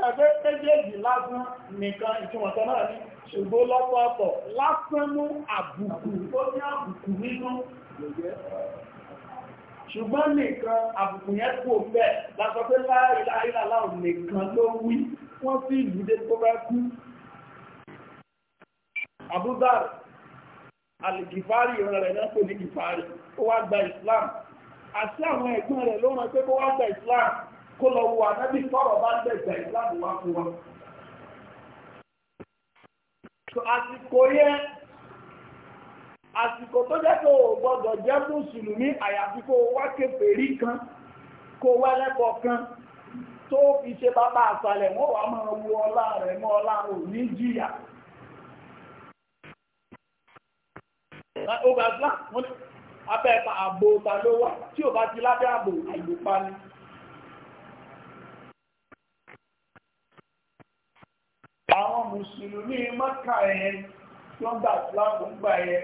Speaker 2: ẹgbẹ́ méjèèjì lásán nìkan ìtumọ̀tọ́ náà ní ṣùgbọ́n lọ́pọ̀ ọ̀pọ̀ lásán mú àbùkù ó ní àbùkù nínú ṣùgbọ́n nìkan àbùkù yẹn kò fẹ́ lásọ pé láìláìlá láwọn nìkan ló wí wọ́n sí ìlúdé tó bá kú abúdár alìkìfárì ìran rẹ̀ náà kò ní kìfárì ó wá gba Islam àti àwọn ẹ̀gbọ́n rẹ̀ ló rán pé kó wá gba Islam kó lọ wo ànábì sọ̀rọ̀ bá ń bẹ̀ gba Islam wá fún wa. àsìkò yẹn àsìkò tó jẹ́ kó gbọ́dọ̀ jẹ́ mùsùlùmí àyàfi kó wá kèfèrí kan kó wá lẹ́kọ̀ọ́ kan tó fi ṣe bàbá àsàlẹ̀ wọ́n wà máa wo ọlá rẹ̀ mọ́ ọlá rò ní jìyà ó bá gbá wọ́n abẹ́ àbò ta ló wà tí ò bá ti lábẹ́ àbò àìlòpá ni àwọn mùsùlùmí mọ́kà ẹ̀ tó ń gbà láàbùn gbà ẹ̀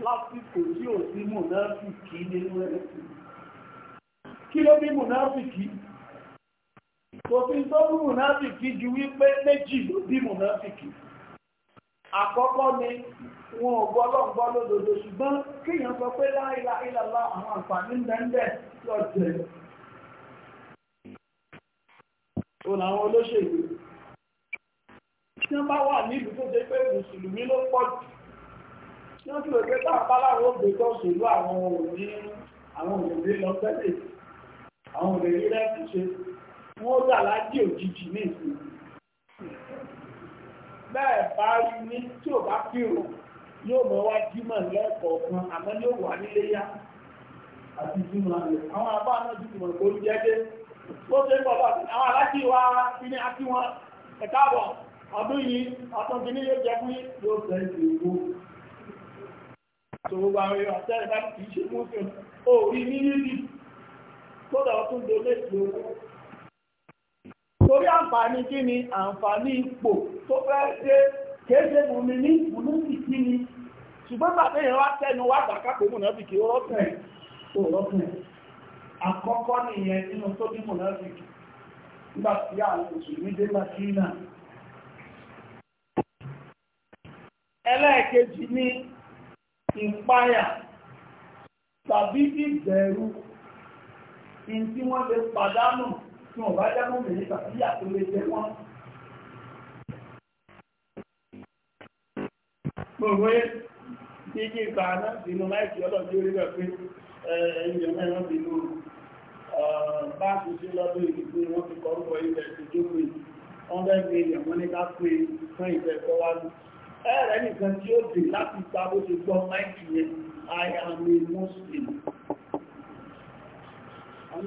Speaker 2: lásìkò tí ò sí mùnáfìkì nínú rẹ̀ kí ló bí mùnáfìkì kò sí tó bí mùnáfìkì ju wípé méjì ló bí mùnáfìkì àkọ́kọ́ ni wọn ò gbọ́ lọ́gbọ́ lódodo ṣùgbọ́n kíyàn sọ pé láìla ìlàlá àwọn àǹfààní ńlẹ́ńlẹ̀ lọ́jẹ̀ òun àwọn olóṣèlú tí wọ́n bá wà nílùú tó ṣe pé mùsùlùmí ló pọ̀ jù yóò fi òkè bá àbáláwo ògbè tó ṣèlú àwọn òní àwọn òdòdó lọ tẹ́lẹ̀ àwọn òdòdó rẹ́ẹ̀kì ṣe wọ́n dà lájì òjijì ní ìsìn bẹ́ẹ̀ bá rí ní tí ò bá kírun yóò mọ wá jímọ̀ lẹ́ẹ̀kọ̀ọ̀kan àmọ́ yóò wà nílé yá àti jímọ̀ rẹ̀ àwọn àbá náà ti mọ̀ kó jẹ́ dé ó ṣe ń bọ̀ bá àwọn aláṣẹ wa fi ní wọn ẹ̀ka àbọ̀ ọdún yìí ọdún kìíní yóò jẹ́ fún yóò fẹ́ ìgbòho àtòwò àwọn èèyàn àtẹ́rẹ̀ bá kìí ṣe mọ́sùn ó rí ní yíyí kódà ó tún dolé ìlú torí àǹfààní kí ni àǹfààní ipò tó fẹ́ dé kéèké mú mi ní ìmúlú sì kí ni ṣùgbọ́n bàbá èèyàn wá tẹnu wá gbà kápò mú náà bìkì rọ́tẹ̀ tó rọ́tẹ̀ àkọ́kọ́ nìyẹn nínú tó ní mú náà bìkì nígbà tí àwọn òṣèlú dé Madina ẹlẹ́ẹ̀kejì ni ìpáyà tàbí ìbẹ̀rù in tí wọ́n lè pàdánù tí wọ́n bá jámọ́ mẹ́rin tàbí yàtò lè jẹ wọ́n. Gbogbo jíjí ìkàánà sínú láìsí ọlọ́dún orí rẹ̀ pé ẹ̀yìn mẹ́rin bínú báńkì sí lọ́dún ìdìbò wọ́n ti kọ́ orúkọ ilẹ̀ ìjókòó 100 million wọ́n ní ká pé fún ìfẹ́kọ́wájú. ẹ̀rẹ́ nìkan tí ó dè láti ta bó ṣe gbọ́ máìkì yẹn I am a Muslim. ara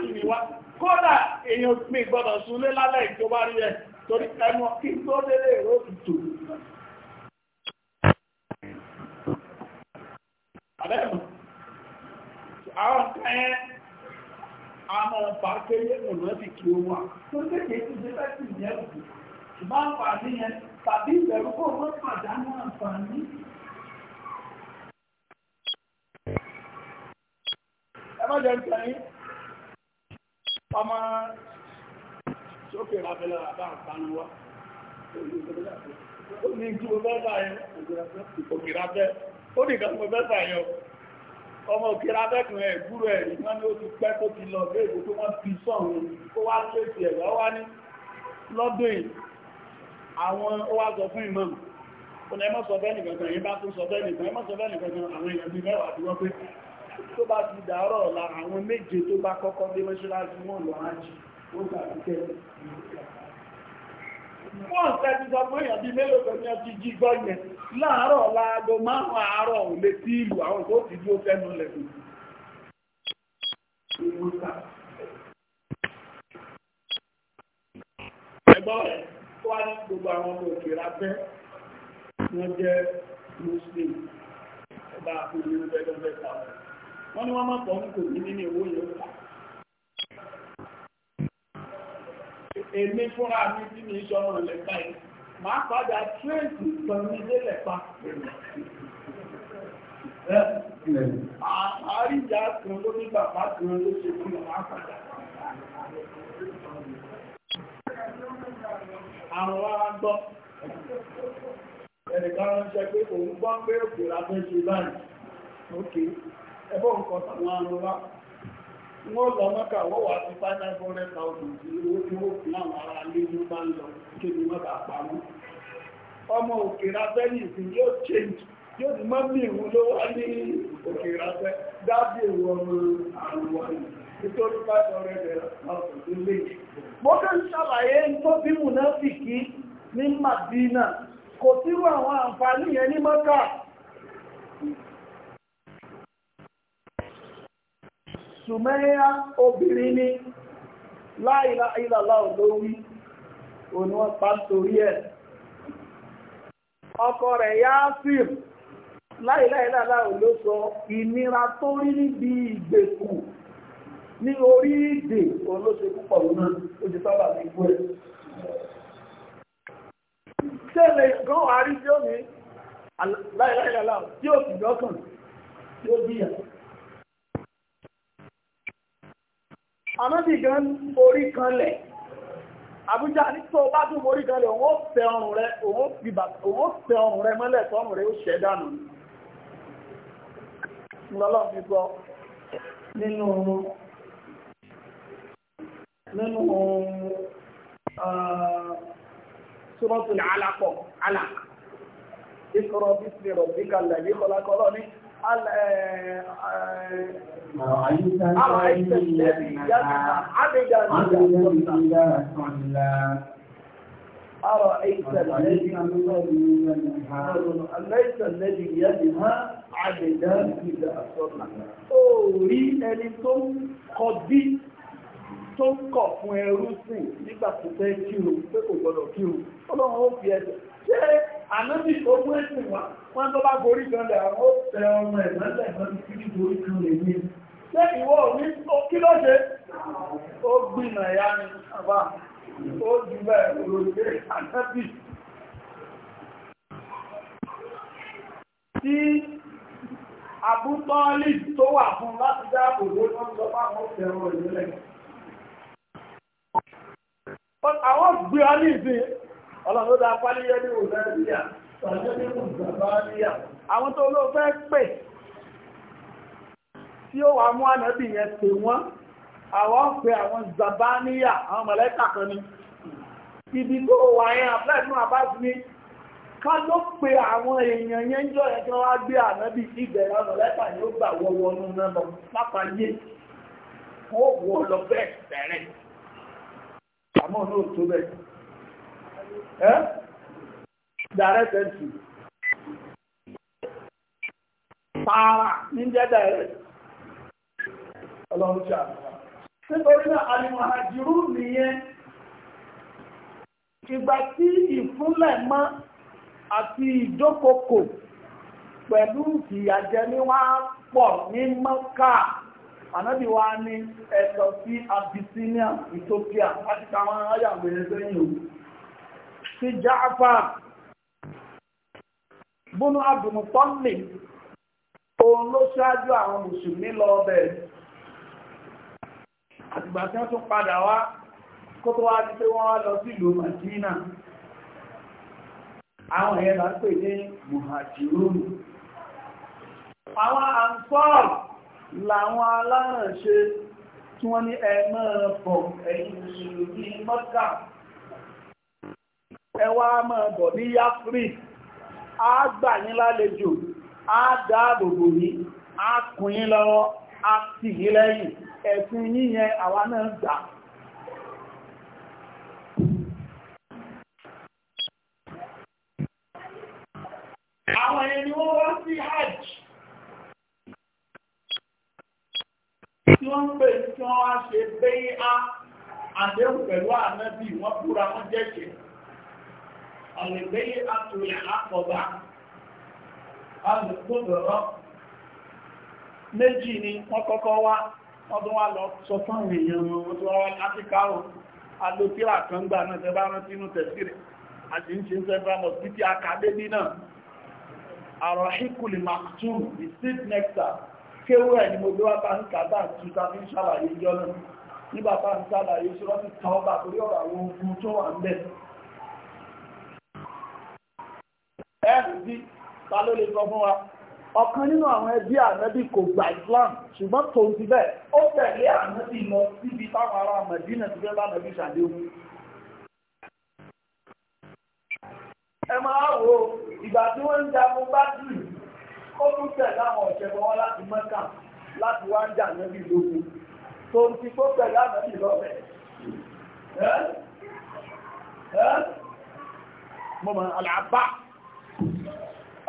Speaker 2: yìí ni wá. Kódà pè gbọ́dọ̀ súnlé lálẹ́ ìjọba rí torí kí tó èrò àwọn nǹkan yẹn àmọ́ ọba kéré ọ̀nà ti kí o wà tó ń tẹ̀lé tó ṣe fẹ́ sì yẹ òkú ṣùgbọ́n àǹfààní yẹn tàbí ìbẹ̀rù kó wọ́n pàdánù àǹfààní. ẹ má jẹun tẹ̀yìn ọmọ sókè rábẹ́lẹ́ àbá àǹfààní wa ó ní ìdúró bẹ́ẹ̀ báyẹn òkè rábẹ́ ó ní ìdánwò bẹ́ẹ̀ báyẹn ọmọ òkèrè abẹ́kùnrin ẹ̀gbúrò ẹ̀rí wọ́n ní ó ti pẹ́ tó ti lọ bí èbò tó wọ́n ti sọ̀rọ̀ ó wá tẹ́sì ẹ̀ wá wá ní lọ́dún yìí àwọn ó wá sọ fún ìmọ̀ ọ̀nà ẹmọ́ sọ bẹ́ẹ̀ nìkankan yìí bá tún sọ bẹ́ẹ̀ nìkan ẹmọ́ sọ bẹ́ẹ̀ nìkankan àwọn èèyàn bí mẹ́wàá tí wọ́n pé tó bá ti dàárọ̀ ọ̀la àwọn méje tó bá kọ́kọ́ dé mọ́ṣáláṣí wọn lọ ájì ó gbà wọ́n tẹ́jú sọ pé èèyàn bí mélòó tó ní ọtí jí gọ́ọ̀yẹ̀ láàárọ̀ láago márùn-ún àárọ̀ ò lè tí ìlú àwọn tó ti dúró fẹ́nu lẹ̀kùn ẹgbọ́n rẹ̀ tó wá ní gbogbo àwọn ọmọ òkèèrè abẹ́ wọ́n jẹ́ muslim ẹgbà àfihàn ìlú ẹgbẹ́ wọ́n ní wọ́n mọ̀ pọ̀ ní kò ní ní owó yóò èmi fúnra mi tí mi sọmọ lẹ́pa yìí máa padà tírèsì kan mi dé lẹ́pa. àríjà kan ló ní bàbá kan ló ṣe fún mi máa padà. àwọn ará gbọ́ ẹnìkan ránṣẹ́ pé òun gbọ́ pé òkè la fẹ́ ṣe báyìí. ókè ẹ̀fọ́ nǹkan tàwọn ará wọ́n lọ mọ́kà wọ́n wà fi fájá gọ́rẹ́ ta ọdún tí ó tí ó fi àwọn ará lé ní bá ń lọ kí ni wọ́n bá pamọ́ ọmọ òkèrà bẹ́ẹ̀ni ìsìn yóò change yóò ti mọ́ bí ìwú ló wá ní òkèrà bẹ́ dábì ìwú ọmọ àrùwọ̀ nítorí fájọ rẹ̀ bẹ̀rẹ̀ ọ̀sán tó lé mo kàn ṣàlàyé tó bí mùnáfìkì ní Madina kò sí àwọn àǹfààní yẹn ní mọ́kà sùmẹ́yà obìnrin ní láìlá ìlàlá olówí òní wọ́n pa torí ẹ̀ ọkọ rẹ̀ yá fíìm láìlá ìlàlá olóso ìnira tó rí níbi ìgbèkù ní orí ìdè olóṣe púpọ̀ lónà ó sábà ní ikú ẹ̀ tẹ́lẹ̀ gan àrí tí ó ní láìlá ìlàlá tí ó sì gbọ́kàn tí ó àmọ́sì gan orí kanlẹ̀ àbújá ní tó bá tún orí kanlẹ̀ òun ó tẹ ọrùn rẹ mọ́lẹ̀ tọ́rùn rẹ ó ṣẹ́ dànù lọ́lọ́bí gbọ́ nínú nínú suratul alaq alaq ìkọrọ̀ bí sí rọ̀ bí kalẹ̀ bí kọlákọlọ́ ní أرأيت الذي ينهى عبدا
Speaker 1: إذا صلى
Speaker 2: أرأيت الذي أليس عبدا إذا صلى orí ẹni tó ń kọ bí tó ń kọ̀ fún ẹrú sìn nígbà tó fẹ́ pé kò gbọ́dọ̀ kírun ọlọ́run ó fi ẹ̀sẹ̀ ṣé ànábì tó mú ẹ̀sìn wá wọ́n tó bá gorí kan lẹ̀ àwọn ó tẹ ọmọ ẹ̀gbọ́n lẹ̀ wọ́n ti fi gorí kan lè ní ṣé ìwọ òní kí ló ṣe ó gbìnà ẹ̀yà ni àbá ó jù bẹ́ẹ̀ olóṣè ànábì tí àbútọ́ọ́lì tó wà fún láti dáàbò ló ń lọ bá wọn fẹ́ràn ìlú lẹ̀ àwọn gbé ọ ní ìsìn ọlọ́run ló dá pálíyẹ́ ní òṣèlú àwọn tó ló fẹ́ pè tí ó wà mú ànábì yẹn pè wọ́n àwọn pè àwọn zabaniya àwọn mọ̀lẹ́kà kan ní ibi tó wà yẹn àfẹ́ẹ̀nú àbájú ní ká ló pè àwọn èèyàn yẹn jọ yẹn tí wọ́n wá gbé ànábì ìbẹ̀rẹ̀ mọ̀lẹ́kà yóò gbà wọ́wọ́ nú náà lọ pápá yé wọ́n wọ́ lọ bẹ́ẹ̀ bẹ̀rẹ̀ Eh? Direct entry. Tààrà ní direct. Ọlọ́run ṣe àdúrà. Nítorí náà, alìmọ̀hàjìrú nìyẹn. Ìgbà tí ìfúnlẹ̀ mọ́ àti ìjókòkò pẹ̀lú ìyàjẹ ní wá pọ̀ ní Mọ́kà. Ànábì wa ní ẹ̀sọ̀ sí Abyssinia, Ethiopia, láti káwọn ayàwó ẹgbẹ́ yìí sí Ja'far búnú abdùmùtọ́lì òun ló ṣáájú àwọn mùsùlùmí lọ ọbẹ̀ àtìgbà tí wọ́n tún padà wá kó tó wá ní pé wọ́n wá lọ sí ìlú Madina àwọn èèyàn là ń pè ní muhajirun àwọn tí wọ́n ní ẹ̀mọ́ ọ̀pọ̀ ẹ̀yìn mùsùlùmí Mọ́kà ẹ wá máa bọ̀ ní yáfírì á gbà yín lálejò á dáàbòbò yín á kún yín lọ́wọ́ á tì yín lẹ́yìn ẹ̀sìn yín yẹn àwa náà gbà àwọn ẹni wọ́n wá sí hajj tí wọ́n ń pè tí wọ́n wá ṣe bẹ́ẹ̀ á àdéhùn pẹ̀lú ànábì wọ́n búra wọ́n jẹ́jẹ́ àlùbẹ́yẹ àtúnyà àkọ́bá alùpùpùrọ̀ méjì ni ọdún lọ sọ fáwọn èèyàn wọn tó wá láti káwọn alópíra kan gbà náà tẹ́bá rántí inú tẹ̀sírì àti ń ṣe ń sẹ́fà mọ̀síkí akadémí náà àrọ̀ híkùlì maktum the state nectar kéwọ́ ẹ̀ ni mo wá bá ń ẹ̀rùn bí ta ló lè sọ fún wa ọ̀kan nínú àwọn ẹbí ànábì kò gba Islam ṣùgbọ́n tòun ti bẹ́ẹ̀ ó tẹ̀lé ànábì lọ síbi táwọn ará Mẹ̀dínà ti fẹ́ bá ànábì ṣàdéhùn ẹ máa wo ìgbà tí wọ́n ń jagun bá jù ó tún tẹ̀lé àwọn ọ̀ṣẹ́ wọn láti Mẹ́kà láti wá ń jà ànábì lógun tòun ti kó tẹ̀lé ànábì lọ́fẹ̀ẹ́ mo mọ̀ àlàbà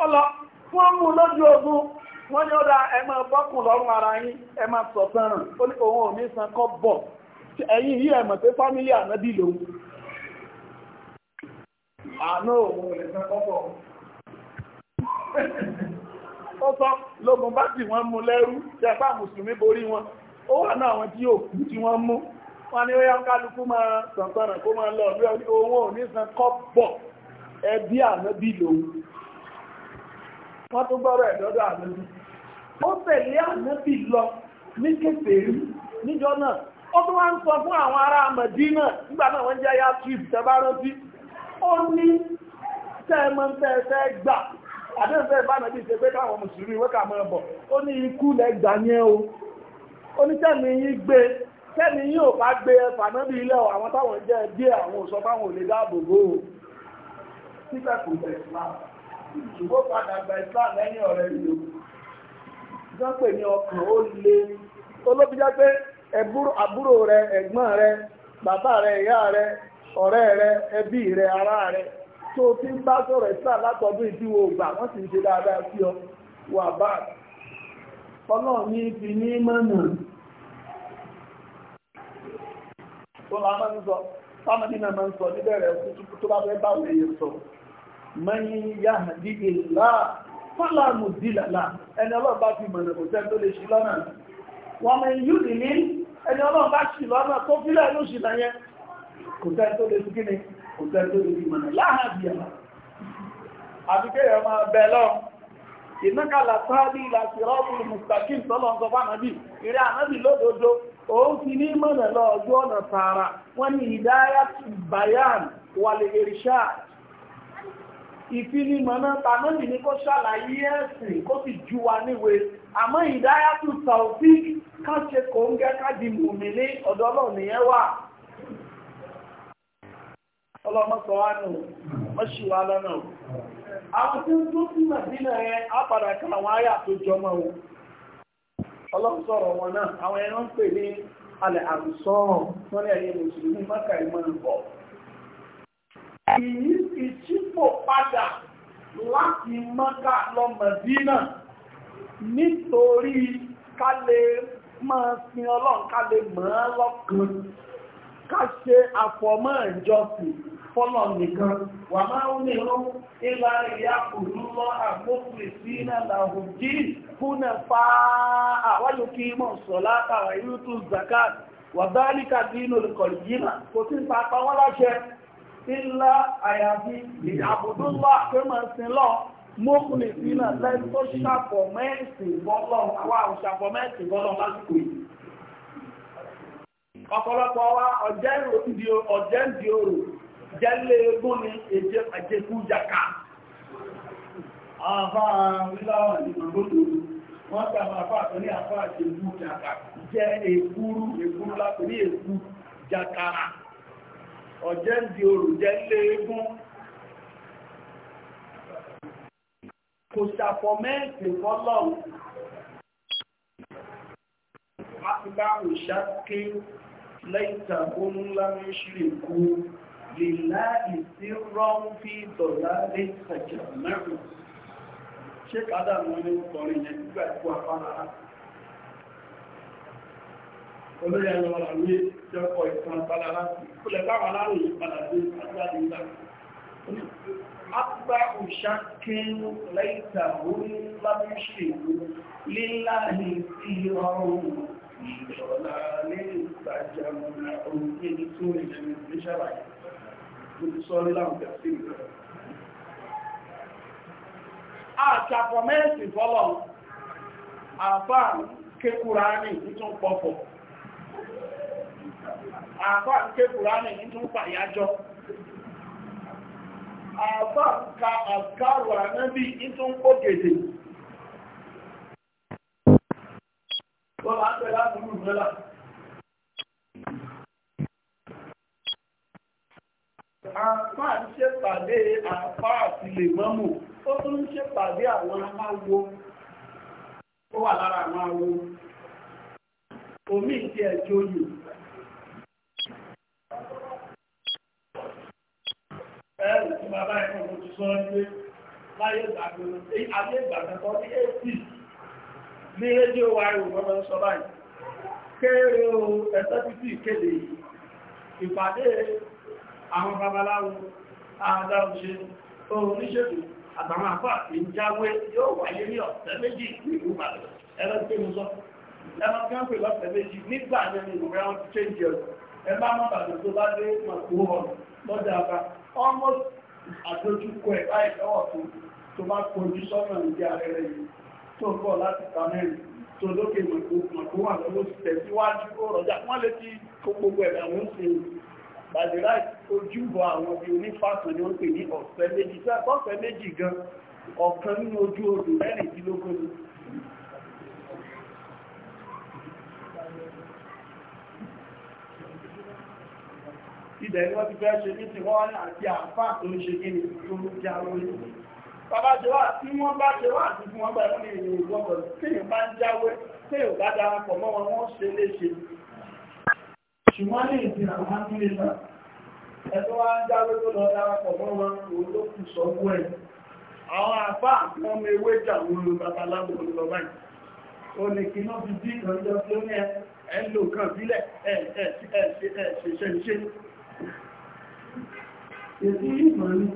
Speaker 2: ọlọ fún ọmọ lójú ogun wọ́n ní ọ̀dá ẹmọ bọ́kùn lọ́rùn ara yín ẹmọ sọ̀tánrùn ó ní òun ò ní san kọ́ bọ̀ ẹ̀yìn yìí ẹ̀mọ̀ pé fámílì ànábì lòun àánú òun ò lè san kọ́ bọ̀ ó sọ lógun bá sì wọ́n mú lẹ́rú jẹ́ bá mùsùlùmí borí wọn ó wà náà àwọn tí yóò kú tí wọ́n mú wọ́n ní ó yá kálukú máa sọ̀tánrùn kó máa lọ òun ò ní san kọ́ bọ̀ ẹbí ànábì lòun wọ́n tún gbọ́rọ̀ ẹ̀dọ́dọ́ lọ́dọ̀ ó tẹ̀lé ànábì lọ ní kékeré níjọ náà ó tún ń sọ fún àwọn ará Mẹdínà nígbà náà wọ́n jẹ́ ya trip tẹ́bá ó ní tẹ́ẹ̀mọ́tẹ́ẹ̀fẹ́ gbà àdéhùnfẹ́ ìbánàbí ṣe pé káwọn mùsùlùmí wékà mọ́ bọ̀ ó ní ikú lẹ́gbà yẹn o ó gbé yín ò gbé náà bí ilẹ̀ àwọn táwọn ṣùgbọ́n padà gba islam lẹ́yìn ọ̀rẹ́ ìlú ìjọ́pẹ̀ ní ọkàn ó le olóbíjá pé àbúrò rẹ ẹ̀gbọ́n rẹ bàbá rẹ ìyá rẹ ọ̀rẹ́ rẹ ẹbí rẹ ará rẹ tó ti ń bá sọ̀rọ̀ islam látọdún ìdíwọ̀ ògbà wọ́n sì ń ṣe dáadáa sí ọ wà bá ọlọ́run ní ní mọ́nà tó máa ń sọ náà máa ń sọ níbẹ̀rẹ̀ tó bá fẹ́ man yahdi Allah fọ́lá mùdílàlá ẹni ọlọ́run bá fi mọ̀nà kò tẹ́ tó lè ṣì lọ́nà wọ́n mọ̀ yúdì ní ẹni ọlọ́run bá ṣì lọ́nà tó fílẹ̀ ló ṣì láyẹ́ kò tẹ́ tó lè ṣùgbọ́n kò tẹ́ tó lè mọ̀nà láàbí àmà àbíkẹ́ ẹ̀mọ́ bẹ̀ lọ ìnákàlà òun ti ní mọ̀nà lọ ọjọ́ ọ̀nà tààrà wọ́n ní ìdáyà bayan wàlẹ̀ èrìṣà ìfinimọ̀nà tànàbì ní kó ṣàlàyé ẹ̀sìn kó sì ju wa níwe àmọ́ ìdáyàtú taofik ká ṣe kò ń gẹ́ ká di mùmí ní ọ̀dọ̀ ọlọ́run nìyẹn wà ọlọ́mọ́sọ wa nù wọ́n ṣì wá lọ́nà àwọn tí ó tó sí màdínà ẹ á padà kan àwọn àyà tó jọmọ́ o ọlọ́run sọ̀rọ̀ wọn náà àwọn ẹran ń pè ní alẹ́ àrùsọ́rọ̀ wọn ní ẹ̀yẹ mùsùlùmí mọ́kà ìmọ̀ ń Èyí ti ṣípò padà láti Mọ́kà lọ Mẹ̀dínà nítorí ká lè máa sin ọlọ́run ká lè mọ̀ ọ́ lọ́kàn ká ṣe àfọ̀mọ́ ìjọsìn fọ́lọ̀ nìkan wà máa ń ní irun ìlà ìyá òru lọ àgbókùn ìsínà làhùjí fúnẹ̀ fa àwáyò kí mọ̀ sọ̀lá àtàwà irútù zakat wà bá níkàdínú olùkọ̀lù yìí mà kò sí ń pa láṣẹ ńlá àyàfi ìyàbùdúnlá pé máa sin lọ mọ́kùnrin sí náà lẹ́yìn tó ṣàpọ̀ mẹ́sìn bọ́lọ̀ àwa òṣàpọ̀ mẹ́sìn bọ́lọ̀ lásìkò yìí. ọ̀pọ̀lọpọ̀ wa ọ̀jẹ́ ń di òrò jẹ́lé egún ni èjẹ́ àjẹkú jàkà. àfáà ńláwà ní gbogbo wọ́n sábà àfáà tó ní àfáà àjẹkú jàkà jẹ́ èkúrú èkúrú lápẹ̀lú èkú jàkàrà ọ̀jẹ́ ń di òrùjẹ́ lé eégún kò ṣàfọ̀ mẹ́ẹ̀sì fọ́lọ́run àtibá òṣàké lẹ́ìtà ohun ńlá ń ṣe kú lèlá ìsí rọ́n fi dọ̀lá lè ṣàjẹ̀ mẹ́rin ṣé kádà mọ́ ní ọkọ̀rin yẹn nígbà ìkú afárá láti olóyè ẹlọ́wọ́lá ní jẹ́kọ̀ ìkan balára kúlẹ̀ báwọn aláàrùn ìpadà dé àjáde ńlá àgbà òṣàkín lẹ́ìtà orí lábíṣẹ́ ìlú lílá ní tí ọrùn ìṣọ̀lá ní ìtajà múra orílẹ̀ ní tó ìlẹ́mì ìṣàlàyé tó fọ́lọ̀ àbá kékúra ní ìtún pọ̀pọ̀ àfà ń ké kùránì ní tún pàyájọ́ àfà ka àkàrò ànábì ní tún kó gèdè bọ́lá ń pẹ̀lá àbúrú mẹ́lá àfà ń ṣèpàdé àfà àti lè mọ́mù ó àwọn amáwo ó lára àwọn awo omi yìí fún bàbá ẹ̀kọ́ mo ti sọ ọ́ pé láyé ìgbàgbọ́ ayé ìgbàgbọ́ ní èsì ní rédíò wa ìwọ̀n máa ń sọ báyìí kéré o ẹ̀sọ́ títí ìkéde yìí ìpàdé àwọn babaláwo àádá òṣè ohun oníṣètò àtàwọn àpá ìjáwé yóò wáyé ní ọ̀sẹ̀ méjì ní ìlú bàbá ẹ̀rọ tí mo sọ ẹ̀rọ tí wọ́n pè lọ́sẹ̀ méjì nígbà ní ìwé wọn ti change ẹ̀rọ ẹ bá mọ́ bàbá tó bá dé mọ̀ kó ọ̀rọ̀ lọ́jà ọba almost àdójúkọ ẹ̀ báyìí lọ́wọ́ tó tó bá kojú sọ́nà ìdí ààrẹ rẹ̀ yìí tó ń bọ̀ láti pamẹ́rin tó lókè mọ̀kó wà lọ́wọ́ tẹ̀síwájú ó rọjá wọ́n lè ti kó gbogbo ẹ̀dà wọ́n ṣe bàdìrá ojúbọ àwọn bí onífàsàn ni wọ́n pè ní ọ̀fẹ́ méjì ọ̀fẹ́ méjì gan ọ̀kan nínú ojú odò mẹ́rìndínlógún ibẹ̀ ni wọ́n ti fẹ́ ṣe nítí wọ́n àti àfà tó ń ṣe kí ni tó ń já lórí. Bàbá ṣe wá tí wọ́n bá ṣe wá àti fún wọn bá wọn ní ìlú ìwọ́pọ̀ tí yìí bá ń jáwé tí yìí bá darapọ̀ mọ́ wọn wọ́n ṣe léṣe.
Speaker 1: Ṣùgbọ́n ní ìsìn àwọn akílẹ̀ náà,
Speaker 2: ẹ̀tọ́ wá ń jáwé tó lọ darapọ̀ mọ́ wọn òun ló kù sọ́wọ́ ẹ̀. Àwọn àfà wọn mọ ewé jà wọn lu babaláwo lọ báyìí. Ó ní kí náà fi bí ìkànjọ́ tó ní ẹ Èdè yìí mọ̀ ní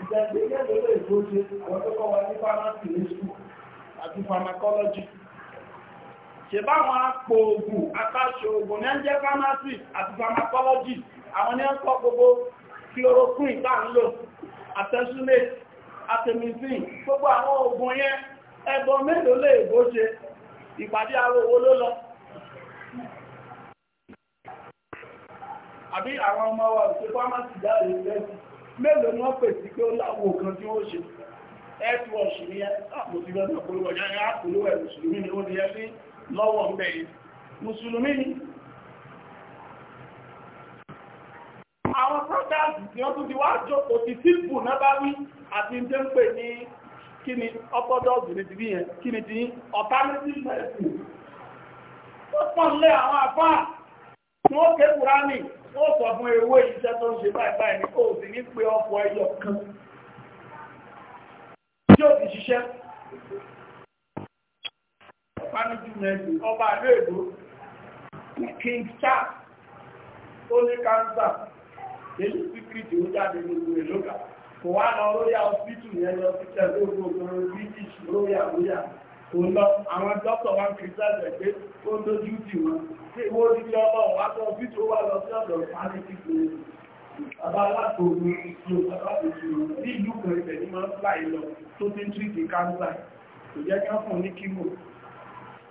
Speaker 2: ìgbàgbégbẹ̀lẹ̀ ìgbóṣe àwọn tó kọ́ wa ní pharmacy ní school àti pharmacology. Ṣe bá wọn apò oògùn, akáṣọ oògùn ní ẹjẹ́ pharmacy àti pharmacology, àwọn ní ẹ̀kọ́ gbogbo chloroquine tá ń lò, atẹ́súlẹ̀, atemisine, gbogbo àwọn oògùn yẹn, ẹgbọ́n mélòó lè gbóṣe, ìpàdé ara owó ló lọ, àbí àwọn ọmọ wa òṣè fámásì jáde lẹ́sìn mélòó ni wọ́n pè sí pé ó láwo kan tí ó ṣe ẹ̀tùwọ̀ṣì ni àpòtìlọ́dọ̀ ah, polówó ọjà ní àpòlówó ẹ̀ mùsùlùmí ni ó ní ẹ́ sí lọ́wọ́ ń bẹ̀yìn mùsùlùmí ni àwọn protest tí wọ́n tún ti wá jókòó ti sílùpù náà bá wí àti ń tẹ́ ń pè ní kí ni ọpọ́dọ̀ọ̀dù ní ti bí yẹn kí ni ti alternative medicine tó pọ̀ lé àwọn àfáà tí wọ́n ké Kùránì wọ́n sọ fún ewé iṣẹ́ tó ń ṣe báyìí báyìí ní kò sí ní pé ọkọ̀ ẹyọ kan tí ó ti ṣiṣẹ́ ọba àlọ́ èdò King Charles tó ní kánsà èyí síkìrìtì ó jáde gbogbo èlógà kò wá British lóyà lóyà lọ àwọn dọ́tọ̀ wá ń kìrìtàjẹ̀ pé ó lójú tí wọn tí ó ní bí ọmọ wà tó bí tó wà lọ sí ọ̀dọ̀ ìpàdé ti gbé bàbá aláàtò ní ìṣó bàbá òṣù ní ìlú kan ibẹ̀ ní máa ń fà ìlọ tó ti ń tìrìtì káńsà kò jẹ́ kí wọ́n fún ní kímò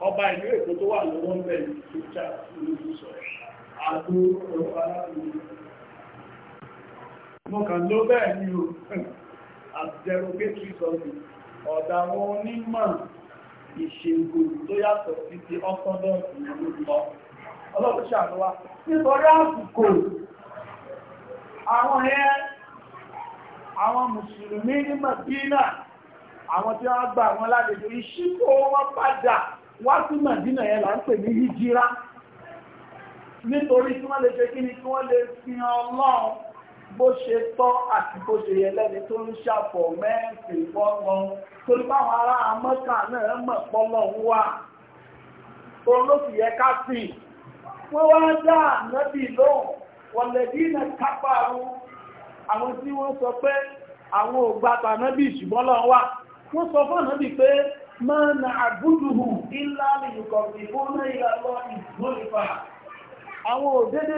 Speaker 2: ọba ìlú èkó tó wà lọ́wọ́ ń bẹ̀ ní ìṣòjà olójú sọ àgbo ọ̀rọ̀ aláàtò mo kàn ló bẹ́ẹ̀ ni o àti derogatory something ọ̀dà àwọn onímọ̀ ìṣègùn tó yàtọ̀ sí ti ọ́tọ́dọ̀sì ìlú lọ. Ọlọ́run ṣàlọ́wà. Nítorí àsìkò, àwọn ẹ àwọn Mùsùlùmí ní Màdínà, àwọn tí wọ́n gbà wọn lálejò ìṣíkò wọn padà wá sí Màdínà yẹn là ń pè ní Hìjírá. Nítorí tí wọ́n lè ṣe kí ni kí wọ́n lè fi hàn Ọlọ́run bó ṣe tọ́ àti bó ṣe yẹ lẹ́ni tó ń ṣàfọ̀ mẹ́sìn fọ́nà torí báwọn ará amọ́ta náà mọ̀ pọ́lọ̀ ń wà òun ló sì yẹ ká sí i wọ́n wá dá ànábì lóhùn wọ̀lẹ̀dí iná kápárù àwọn tí wọ́n sọ pé àwọn ò gba ṣùgbọ́n lọ́n wà wọ́n sọ fún ànábì pé máa na àbúdùhù ńlá nìkan ìbóná ìlàlọ́ ìgbónífà àwọn òdédé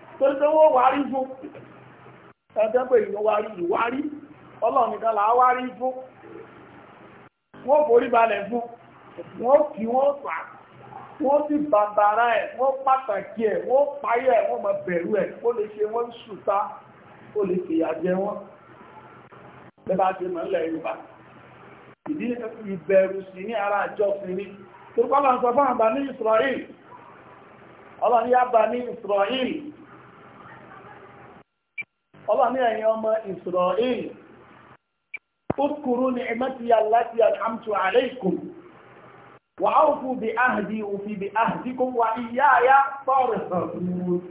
Speaker 2: tó wárí fún ẹ̀ẹ́dẹ́ pé wárí ìwárí ọlọ́nìkan á wárí fún wọ́n forí balẹ̀ fún wọ́n kí wọ́n fà wọ́n sì bàbàrà ẹ̀ wọ́n pàtàkì ẹ̀ wọ́n páyẹ̀ ẹ̀ wọ́n mọ̀ bẹ̀rù ẹ̀ ó lè ṣe wọ́n ṣùtá ó lè fìyà jẹ wọ́n bẹ́bá ti mọ̀ Yorùbá ìdí ìbẹ̀rù sí ní ara àjọsìn ní torípàlà ń sọ fún ní ọlọ́ni ẹ̀yin ọmọ Israel اذكروا نعمتي التي أنعمت عليكم وأوفوا بعهدي أوفي بعهدكم وإياي فارهبون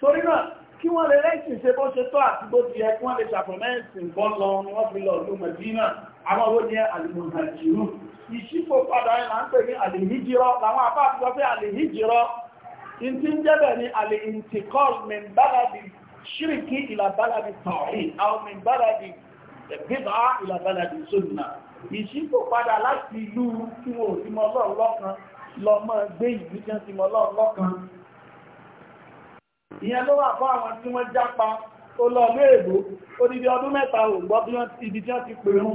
Speaker 2: Torí náà kí wọ́n lè rẹ́sìn ṣe bó ṣe tó àti bó ti yẹ kí wọ́n lè ṣàfọ̀mẹ́sìn bọ́ lọ ni wọ́n fi lọ ló Mẹ̀dínà àwọn owó ní àlìmọ̀hàjìrù. Ìṣípò padà ẹ̀ là ń pè ní àlìhíjírọ́ làwọn àbá àti pé àlìhíjírọ́ ìtí ń jẹ́bẹ̀ ní àlè intikọ́l mẹ́bàlàdì ṣíríkì ìlàbàlàdì tọ̀rí àwọn mẹ́bàlàdì bíbá ìlàbàlàdì sódùnà ìṣípò padà láti ìlú tí wọ́n ti mọ Ọlọ́run lọ́kan lọ mọ́ gbé ìlú tí wọ́n ti mọ Ọlọ́run lọ́kan ìyẹn ló wà fún àwọn tí wọ́n jápa ó lọ lóèbó ó di ọdún mẹ́ta ò gbọ́ ibi tí wọ́n ti pèrún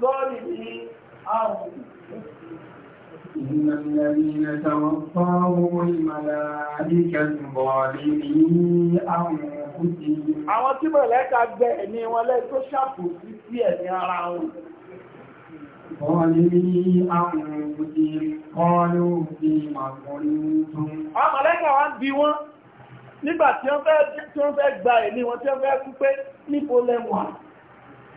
Speaker 2: lórí ní àwọn
Speaker 1: إن الذين توفاهم الملائكة ظالمين أنفسهم
Speaker 2: àwọn tí mọ̀lẹ́ka gbẹ ẹ̀mí wọn lẹ́ tó ṣàpòsí sí ẹ̀mí ara wọn
Speaker 1: ظالمين
Speaker 2: أنفسهم قالوا فيما كنتم àwọn mọ̀lẹ́ka wá ń bi wọ́n nígbà tí wọ́n fẹ́ gba ẹ̀mí wọn tí wọ́n fẹ́ kú pé níbo lẹ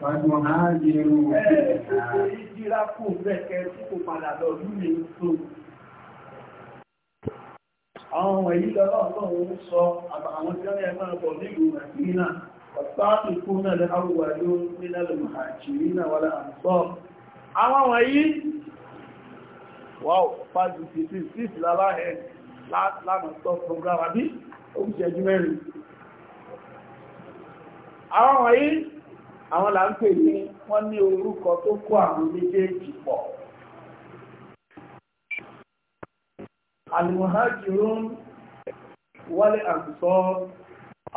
Speaker 2: Àwọn èyí lọ́wọ́ ọ̀pọ̀ sọ àwọn tí ó ní ẹgbẹ́ ọ̀pọ̀ nílùú Màdínà, ọ̀páàtì kú náà lè àwùwà ló ní lẹ́lẹ̀ Màájìrí náà wà láàpọ̀. Àwọn wọ̀nyí, wọ́n pàdù sí sí sí láláhẹ́ lánàtọ́ program àbí, ó àwọn là ń pè ní wọ́n ní orúkọ tó kó àwọn méjèèjì pọ̀ alimuhajirun wálé àgùsọ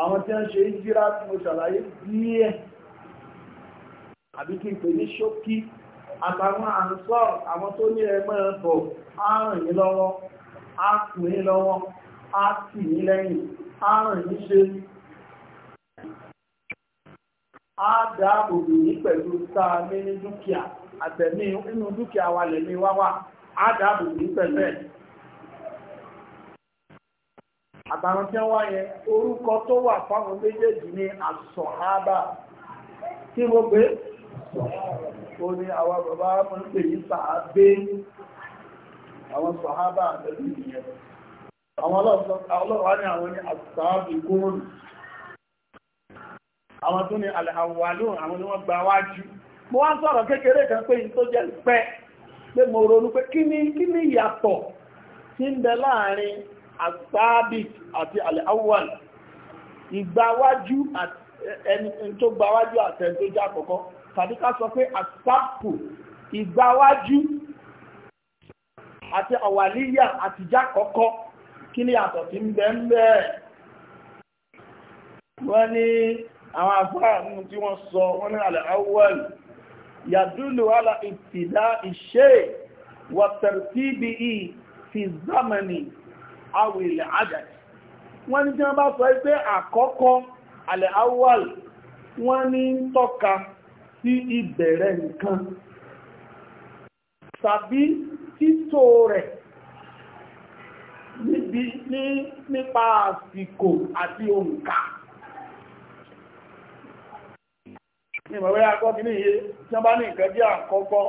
Speaker 2: àwọn tí wọ́n ṣe ń jíra tí mo ṣàlàyé díẹ̀ àbí kí n pè ní ṣókí àtàwọn àǹsọ́ àwọn tó ní ẹgbẹ́ ẹ̀bọ̀ á ràn yín lọ́wọ́ á kù yín lọ́wọ́ á tì yín lẹ́yìn á ràn yín ṣe a dá òdò yìí pẹ̀lú tá ní ní dúkìá àtẹ̀mí inú dúkìá wa lẹ̀mí wá wà á pẹ̀lú ẹ̀. àtàwọn yẹn orúkọ tó wà fáwọn méjèèjì ní àsọ̀hábà tí mo gbé ó ní àwọn bàbá mo ní sàábé àwọn àwọn tó ní alàwàlóhùn àwọn ni wọ́n gba wájú mo wá ń sọ̀rọ̀ kékeré kan pé tó jẹ́ pẹ́ pé mo ronú pé kí ni kí ni ìyàtọ̀ tí ń bẹ láàrin asabit àti alàwàl ìgbàwájú ẹni tó gbàwájú àtẹni tó jẹ́ àkọ́kọ́ tàbí ká sọ pé asapu ìgbàwájú àti àwàlíyà àtijá kọ́kọ́ kí ni àtọ̀ tí ń bẹ ń bẹ́ẹ̀ wọ́n ní àwọn afáàmù tí wọ́n sọ wọ́n ní alẹ́ awwal yàdúlù ala ìtìlá ìṣe wàtẹ̀rẹ̀tìbì ì fi zámani awìlẹ̀ àdàd wọ́n ní tí wọ́n bá sọ pé àkọ́kọ́ alẹ́ awwal wọ́n ní tọ́ka sí ìbẹ̀rẹ̀ nǹkan tàbí títò rẹ̀ níbi nípa àsìkò àti òǹkà ní ìmọ̀wé akọ́kí ní iye tí wọ́n bá ní nǹkan bí àkọ́kọ́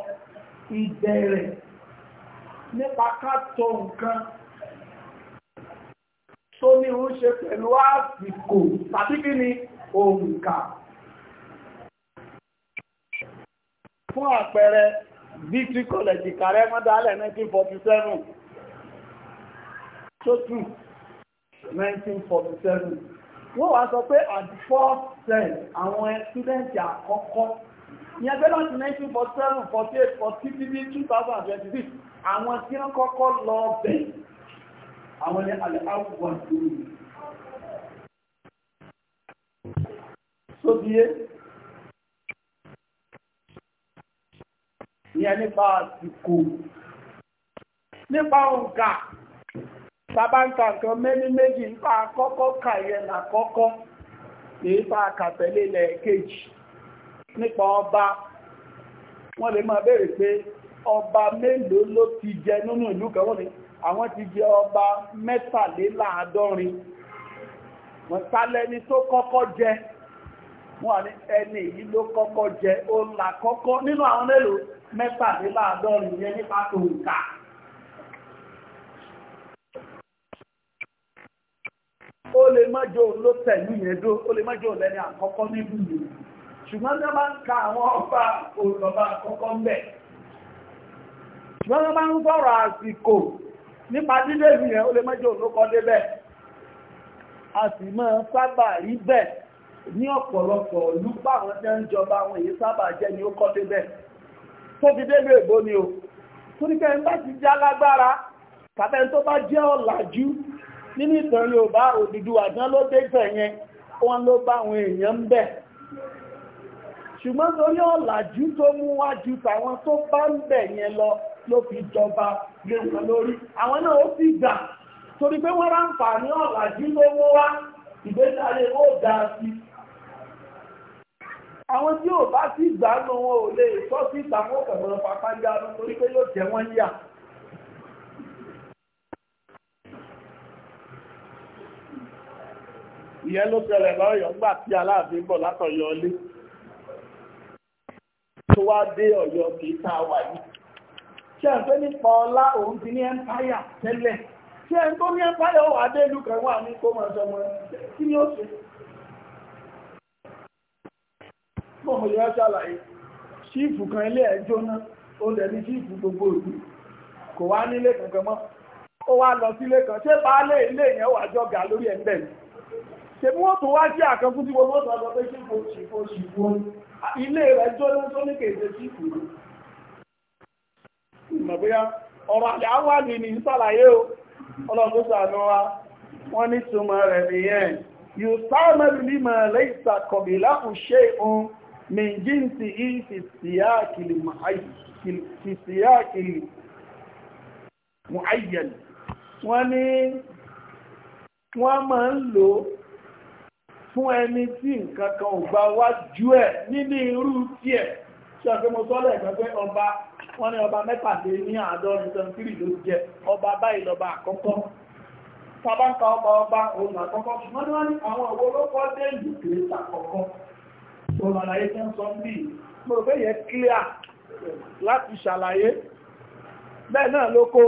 Speaker 2: ìbẹ̀rẹ̀ nípa kátó nǹkan tó ní ń ṣe pẹ̀lú àsìkò tàbí kí ni òǹkà fún àpẹẹrẹ victory college ìkàrẹ́ mọ́dálẹ̀ 1947 tó tù 1947 wọ́n wá sọ pé at the first cell àwọn ẹ̀sítúdẹ̀ntì àkọ́kọ́ ìyẹn pé láti 1947 48 40 títí 2026 àwọn tí wọ́n kọ́kọ́ lọ bẹ̀ àwọn ní alẹ́ àwùwọ̀ ìlú sóbíyé ìyẹn nípa àsìkò nípa òǹkà sábáǹkà nǹkan mẹ́ni méjì nípa akọkọ na làkọ́kọ́ nípa àkàtẹ̀lélẹ̀ kejì nípa ọba wọn lè máa pé ọba mélòó ló ti jẹ nínú ìlú kan wọn ní àwọn ti jẹ ọba mẹ́tàléláàádọ́rin wọn sálẹ́ ni tó kọ́kọ́ jẹ wọ́n ní ẹni èyí ló kọ́kọ́ jẹ ó là kọ́kọ́ nínú àwọn mélòó mẹ́tàléláàádọ́rin yẹn nípa ó lè mọ́jọ́ ló tẹ̀lú yẹn dó ó lè mọ́jọ́ lẹ́ni àkọ́kọ́ níbù yìí ṣùgbọ́n tó bá ń ka àwọn ọba òlọ́ba àkọ́kọ́ ń bẹ̀ ṣùgbọ́n tó bá ń sọ̀rọ̀ àsìkò nípa dídé ìlú ó lè mọ́jọ́ ló kọ́ débẹ̀ a sì máa sábà rí ní ọ̀pọ̀lọpọ̀ ìlú báwọn ń jọba àwọn èyí ni o kẹ́ ń bá ti tàbẹ́ nínú ìtàn Yorùbá òdìdú àdán ló dégbẹ̀ yẹn wọn ló bá àwọn èèyàn ń bẹ̀ ṣùgbọ́n torí ọ̀làjú tó mú wá tàwọn tó bá ń bẹ̀ yẹn lọ ló fi jọba lé wọn lórí àwọn náà ó sì gbà torí pé wọ́n ọ̀làjú ló mú wá ìgbésàlẹ̀ ó sí àwọn tí ò bá gbà wọn ò lè sọ sí ìyẹn ló tẹ̀lẹ̀ lọ́yọ̀ ńgbà tí aláàfin bọ̀ látọ̀yọ́ ilé tó wá dé ọ̀yọ́ kìí tá a wà yìí ṣe ń fẹ́ nípa ọlá òun ti ní ẹmpáyà tẹ́lẹ̀ ṣe ń tó ní ẹmpáyà ó wà dé ìlú kan wà ní kó máa sọmọ kí ni ó ṣe mọ̀ mọ̀ yọ́ ṣàlàyé ṣífù kan ilé ẹ̀ jóná ó dẹ̀bi ṣífù gbogbo ìlú kò wá nílé kankan mọ́ ó wá lọ sílé kan ṣé baálé ilé yẹn wà jọ́gà lórí ẹ̀ ń bẹ̀rẹ̀ tèmi wọ́n tó wá jẹ́ àkànkú tí wọ́n mọ́tò àgbà pé ṣífò ṣífò ṣífò ilé rẹ̀ jọ́nà tó ní kèèṣe ṣífò ìmọ̀ bóyá ọ̀rọ̀ àlẹ́ àwọn àgbè ní sàlàyé o ọlọ́run sàánú wa wọ́n ní túmọ̀ rẹ̀ nìyẹn yóò sáàmà lè mọ̀ lẹ́yìnsà kọ̀bí láhùnṣe ohun mìjíǹsì yìí fi síyá kìlì mọ̀ wọ́n máa ń lò ó fún ẹni tí nǹkan kan ò bá wájú ẹ̀ nínú irú tiẹ̀ ṣe ọ̀pẹ́ mo sọ́lẹ̀ ẹ̀gbẹ́ pé ọba wọ́n ní ọba mẹ́tàdé ní àádọ́rin sẹ́ńtírì ló jẹ ọba báyìí lọ́ba àkọ́kọ́ sábà ń ka ọba ọba òun àkọ́kọ́ ṣùgbọ́n wọ́n ní àwọn òwò ló kọ́ dé ìlú kìrìtà kọ̀ọ̀kọ́ òun àlàyé tẹ́ ń sọ ń bì mo rò pé yẹn clear láti ṣàlàyé bẹ́ẹ̀ náà ló kó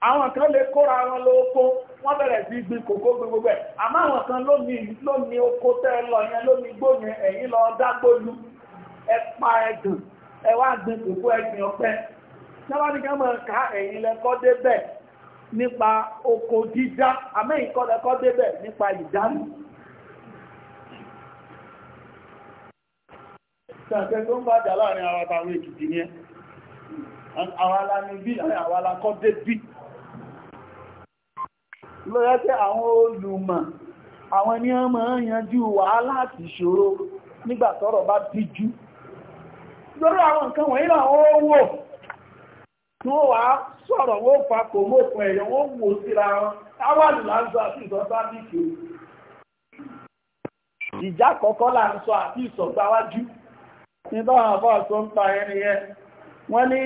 Speaker 2: àwọn kan lè kóra wọn lọ oko wọn bẹ̀rẹ̀ sí gbin kòkó gbogbo ẹ̀ àmọ́ àwọn kan ló ní oko lọ yẹn ló ní gbóni ẹ̀yìn lọ dágbólu ọ̀pẹ máa ka nípa oko dídá nípa ìdánù. tó ń bàjà láàrin àwọn àtàwọn èkìtì ni ẹ àwọn alámi bí àwọn lọ́yẹ́ pé àwọn olùmọ̀ àwọn ní ọmọ yanjú wàhálà àti ìṣòro nígbà tọ́rọ̀ bá díjú lórí àwọn nǹkan wọ̀nyí náà wọ́n wò tí wọ́n wá sọ̀rọ̀ wọ́n fa kò mọ́kùn ẹ̀yọ wọ́n wò síra wọn táwàlù là ń sọ àti ìsọ́sá nìkè ìjà kọ̀ọ̀kọ́ là ń sọ àti ìsọ̀sáwájú nítorí àwọn àbọ̀ àtọ́ ń pa ẹni yẹn wọ́n ní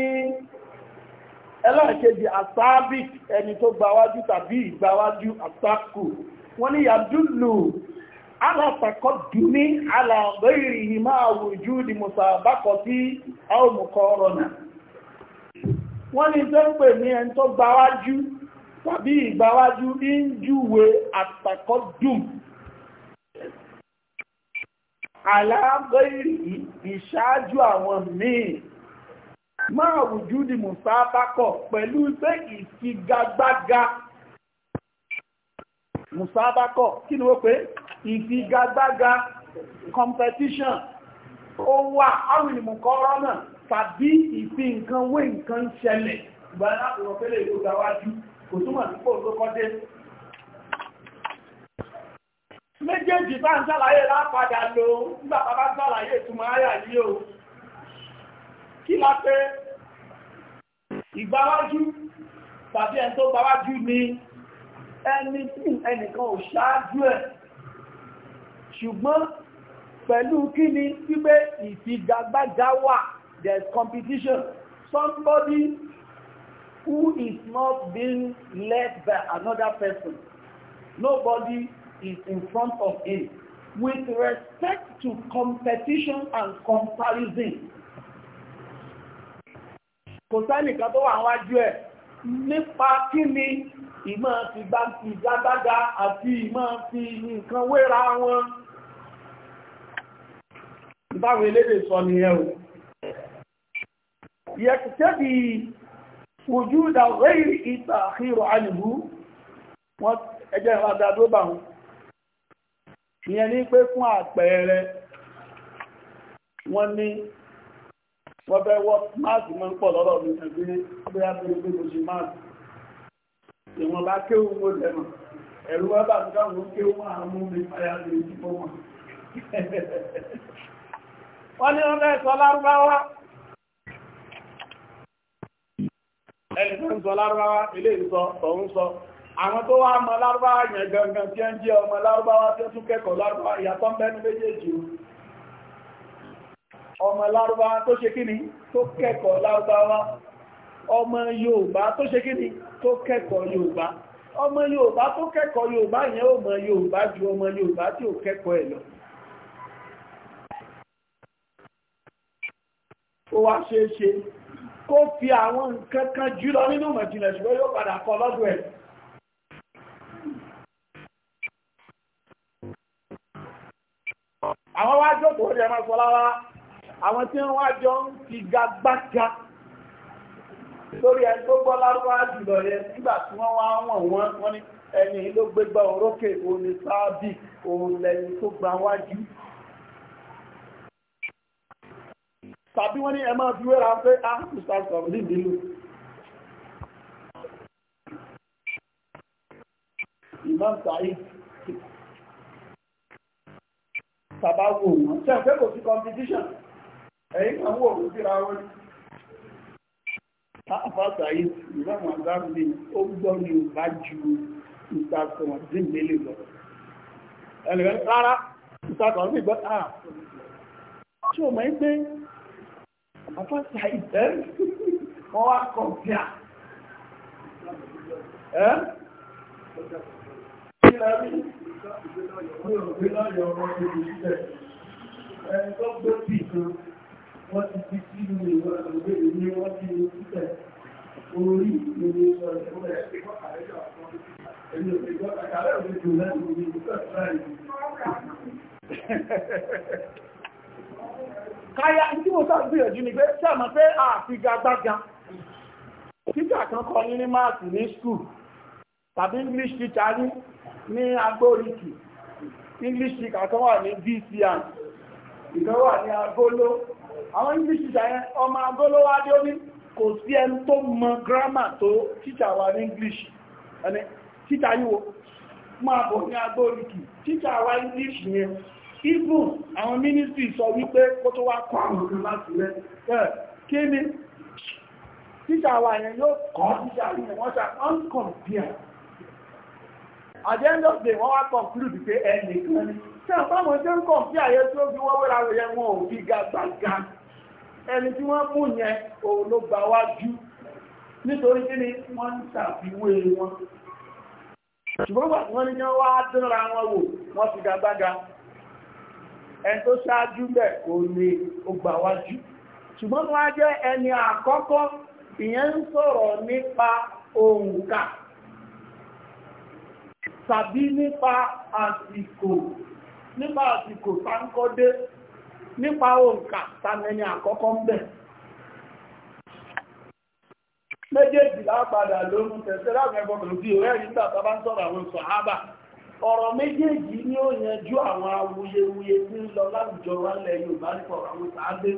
Speaker 2: ẹlẹ́ẹ̀kejì asabic ẹni tó gbawájú tàbí ìgbawájú asaku wọ́n ní yàdúlù alátakọ́ dúmí alàgbéèrè ìmá àwùjú ni mùsàbákọ̀ sí àwòmùkọ́ ọ̀rọ̀nà wọ́n ni tó ń pè ní ẹni tó gbawájú tàbí ìgbawájú ní júwe dùm alágbéèrè ìṣáájú àwọn míì máa wùjú di mùsáábákọ̀ pẹ̀lú pé ìfigagbága mùsáábákọ̀ kí ni wọ́n pé ìfigagbága competition ó wà áwìn ìmùkọ́rọ́ náà tàbí ìfi nǹkan wé nǹkan ṣẹlẹ̀ ìgbà láti rọ̀ pẹ́lẹ̀ ìlú gbàwájú kò túmọ̀ sí pò tó kọ́ méjèèjì bá ń ṣàlàyé lápadà lò nígbà bá bá ṣàlàyé ìtumọ̀ ayà yìí o kí la pé ìgbáwájú tàbí ẹni tó gbáwájú ni ẹni tí ẹnìkan ò ṣáájú ẹ̀ ṣùgbọ́n pẹ̀lú kí ni wípé ìfigagbága wà there's competition somebody who is not being led by another person nobody is in front of him with respect to competition and comparison kò sẹ́nìkan tó wà wájú ẹ̀ nípa kí ni ìmọ̀ ti bá ti gbágbága àti ìmọ̀ ti nǹkan wéra wọn báwọn elédè sọ ni ẹ̀ o yẹ̀kùtẹ́bì ojú ìdàwẹ́ ìta àkírò ànìbú wọ́n ẹjẹ́ ìwádà tó bà wọn ìyẹn ní pé fún àpẹẹrẹ wọ́n ní wọ́n fẹ́ wọ́ máàsì mọ́ ń pọ̀ lọ́rọ̀ mi tàbí pé a bẹ̀rẹ̀ pé mo ṣe máàsì ìwọ̀n bá kéwù mo lẹ́mọ̀ ẹ̀rù wá bá nǹkan mo kéwù máa mú mi máa yá lè jí fún wọn. wọ́n ní wọ́n fẹ́ sọ lárúbáwá ẹni tó ń sọ lárúbáwá ilé ìsọ tọ̀hún sọ àwọn tó wá mọ lárúbáwá yẹn gangan tí ń jẹ́ ọmọ lárúbáwá tó tún kẹ́kọ̀ọ́ lárúbáwá ìyàtọ̀ ń bẹ́nu méjèèjì ọmọ lárúbáwá tó ṣe kíni tó kẹ́kọ̀ọ́ lárúbáwá ọmọ Yorùbá tó ṣe kíni tó kẹ́kọ̀ọ́ Yorùbá ọmọ Yorùbá tó kẹ́kọ̀ọ́ Yorùbá yẹn ó mọ Yorùbá ju ọmọ Yorùbá tí ò kẹ́kọ̀ọ́ ẹ̀ lọ ó wá ṣe é ṣe kó fi àwọn nǹkan kan jùlọ nínú mọ̀jìnlẹ̀ ṣùgbọ́n yóò padà kọ lọ́dọ̀ ẹ̀ àwọn wá jókòó jẹ́ máa sọ lára àwọn tí wọ́n jọ ń fi gagbága lórí ẹni tó gbọ́ lárúbá jùlọ yẹn nígbà tí wọ́n wá wọ̀n wọ́n wọ́n ní ẹni ló gbégbá orókè òní sáábì òun lẹ́yìn tó gba wájú tàbí wọ́n ní ẹ máa fi wéra pé á kù sàkọ̀ nídìílù Imam Said tàbá wò wọ́n tẹ́ fẹ́ kò sí competition ẹ̀yìn kan wò ó síra wọn láàfáàtà yìí ìrọ̀mọ̀ àgbàmì ó gbọ́ ní ìbá ju ìtàkùn ọ̀dín mélòó lọ ẹ̀lẹ́gbẹ́ rárá ìtàkùn ọ̀dín gbọ́ àà tí ó máa ń gbé àfáàtà ìtẹ́ wọ́n wá kọ̀ bíà ẹ́ kílẹ̀ rí mi ò gbé lọ́yọ̀ ọ̀rọ̀ ìrìnlẹ̀ ẹ̀ wọ́n ti fi sí ìlú ìwọ̀n àgbègbè ìlú wọ́n ti ní títẹ̀ orí ìlú ìwọ̀n ìwọ̀n ẹ̀kọ́ àrẹ́jọ́ àkọ́kọ́ ẹ̀yìn òṣèlú ni pé ṣe Títà kan kọ ní ní máàkì ní skúl tàbí English teacher ní ní agbóríkì. English teacher kan wà ní VCN, ìkan wà ní agolo, àwọn english teacher yẹn ọmọ agolówádé ó ní kò sí ẹni tó mọ grammar tó teacher wa ní english ẹni teacher yíwo máa bọ̀ ní agbóríkì teacher wa english yẹn even àwọn ministry sọ wípé kó tó wá kọ́ àwọn ọmọ láti rẹ̀ kí ni teacher wa yẹn yóò kọ́ teacher yẹn wọ́n ṣe uncompare at the end of the day wọ́n wá conclude pé ẹnì kan ní tí àwọn ọmọ tí ó ń kọ̀ bí àyẹ́ tí ó fi wọ́n wéra rẹ̀ wọn ò fi gàgbàgà ẹni tí wọ́n mú yẹn òun ló bá wá nítorí kí ni wọ́n ń ṣàfiwé wọn ṣùgbọ́n wà wọ́n ní kí wọ́n wá dúnra wọn wò wọ́n ti gagbága ẹni tó ṣáájú bẹ̀ kò ṣùgbọ́n wọ́n ẹni àkọ́kọ́ nípa òǹkà tàmẹ́ni àkọ́kọ́ ń bẹ̀ méjèèjì lápadà lóòrùn tẹ̀sẹ̀ láàrin ẹgbọ́n sí ìwé ẹ̀rí nígbà tàbá ń sọ̀rọ̀ àwọn sàhábà ọ̀rọ̀ méjèèjì ni ó yanjú àwọn awuyewuye tí ń lọ láwùjọ wa lẹ̀ Yorùbá nípa àwọn sàádé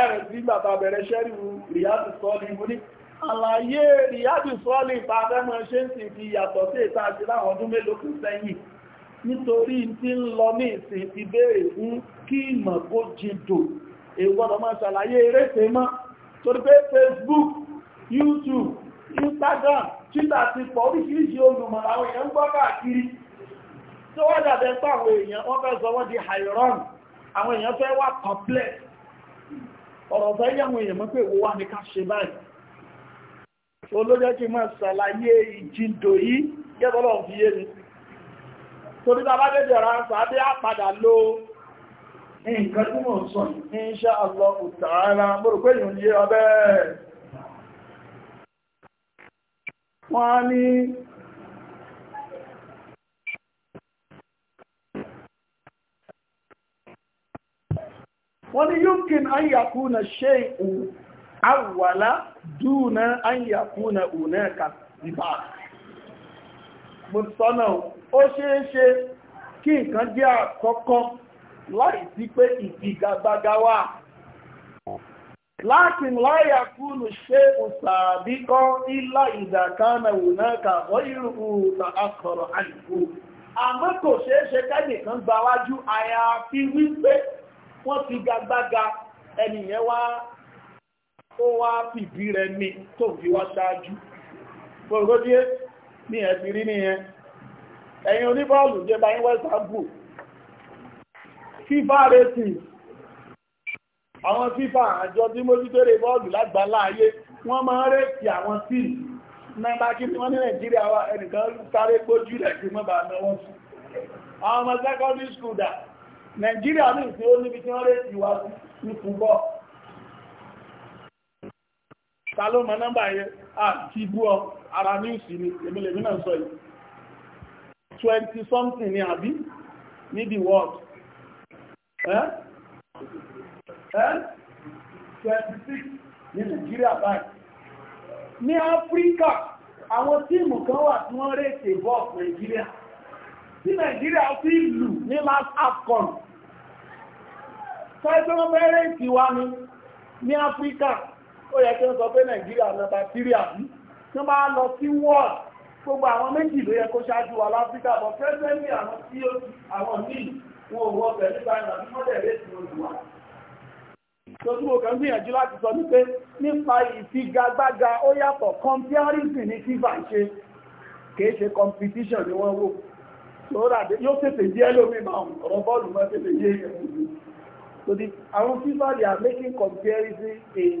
Speaker 2: ẹ̀rẹ̀ sí bàbá bẹ̀rẹ̀ sẹ́rì Riyadu Sọ́ọ̀lì mo ní àlàyé Riyadu Sọ́ọ̀lì ìpàdé mọ́ ṣe ń sì fi yàtọ̀ sí ìta àti láwọn ọdún mélòó kan sẹ́yìn nítorí tí ń lọ ní ìsìn ti béèrè fún kí ìmọ̀ kó jìndò èwọ́n máa ṣàlàyé erése mọ́ torí pé Facebook YouTube Instagram Twitter ti pọ̀ oríṣiríṣi olùmọ̀ àwọn èèyàn ń gbọ́ káàkiri tó wọ́n dàbẹ́ pọ̀ àwọn èèyàn wọ́n fẹ́ sọ wọ́n di hairon àwọn èèyàn fẹ́ wà complex ọ̀rọ̀ fẹ́ yẹ̀wọ̀n èèyàn mọ́ pé wo wá ní ká ṣe báyìí olójẹ́ kí máa torí bàbá dédé ọ̀rọ̀ ń sàábé àpadà ló nǹkan tí mò ń sọ insha Allah ta'ala pé yìí ń yé ọbẹ̀ wọ́n ní wọ́n yúnkín ṣe ìhù dúnà mo sọ́nà ó ṣeé ṣe kí nǹkan jẹ́ àkọ́kọ́ láì sí pé ìdìgàgbàgà wà lákin láyà kúlù ṣe òsàbí kọ́ ilá ìdàkánà òná kàbọ̀ ìrù ta akọ̀rọ̀ àìkú àmọ́ kò ṣeé ṣe kẹ́nìkan gba wájú àyàfi wípé wọ́n ti gagbága ẹnìyẹn wá ó wá fìdí rẹ̀ mi tó fi wá ṣáájú. Gbogbo ní ẹ̀sìn rí nìyẹn ẹ̀yin oníbọ́ọ̀lù jẹ́ báyìí west hambu FIFA racing àwọn FIFA àjọ tí mójútórè bọ́ọ̀lù lágbàlá ayé wọ́n máa ń rèsì àwọn tíì nọ́mbà kí wọ́n ní nàìjíríà wa ẹnìkan sáré gbójú rẹ̀ kí mọ́ bá náwọ́ sí àwọn ọmọ secondary school dà nàìjíríà ní ìsìn ó níbi tí wọ́n rèsì wa ní fúbọ́ọ̀lù ta ló mọ nọ́mbà yẹn àti ibú ọ ara níùsì ni èmìlèmí náà sọ yìí 20 something ni àbí ní world ní Nigeria báyìí ní Áfíríkà àwọn tíìmù kan wà tí wọ́n rètè bọ́ọ̀pù Nigeria tí Nigeria fi lù ní last AFCON sọ́ẹ́tọ́ wọ́n fẹ́ rètè wa ní Áfíríkà ó yẹ kí wọ́n sọ pé nàìjíríà nọ́mbà tírí àbí tí wọ́n bá lọ sí wọ́ọ̀d gbogbo àwọn méjì ló yẹ kó ṣáájú wa láfíríkà bọ̀ pẹ́sẹ́ntì àwọn tí ó àwọn míì wọn ò wọ́n pẹ̀lú báyìí àbí mọ́tẹ̀lẹ́ tí ó lù wá. Tòtú mo kàn gbìyànjú láti sọ ní pé nípa ìfigagbága ó yàtọ̀ comparison ní FIFA ṣe kìí ṣe competition ni wọ́n wò. Sòràdé yóò tètè jẹ́ lómi máa ń ọ̀rọ̀ bọ́ọ̀lù mọ́ tètè yé ìyẹn. So the, àwọn FIFA they are making comparison in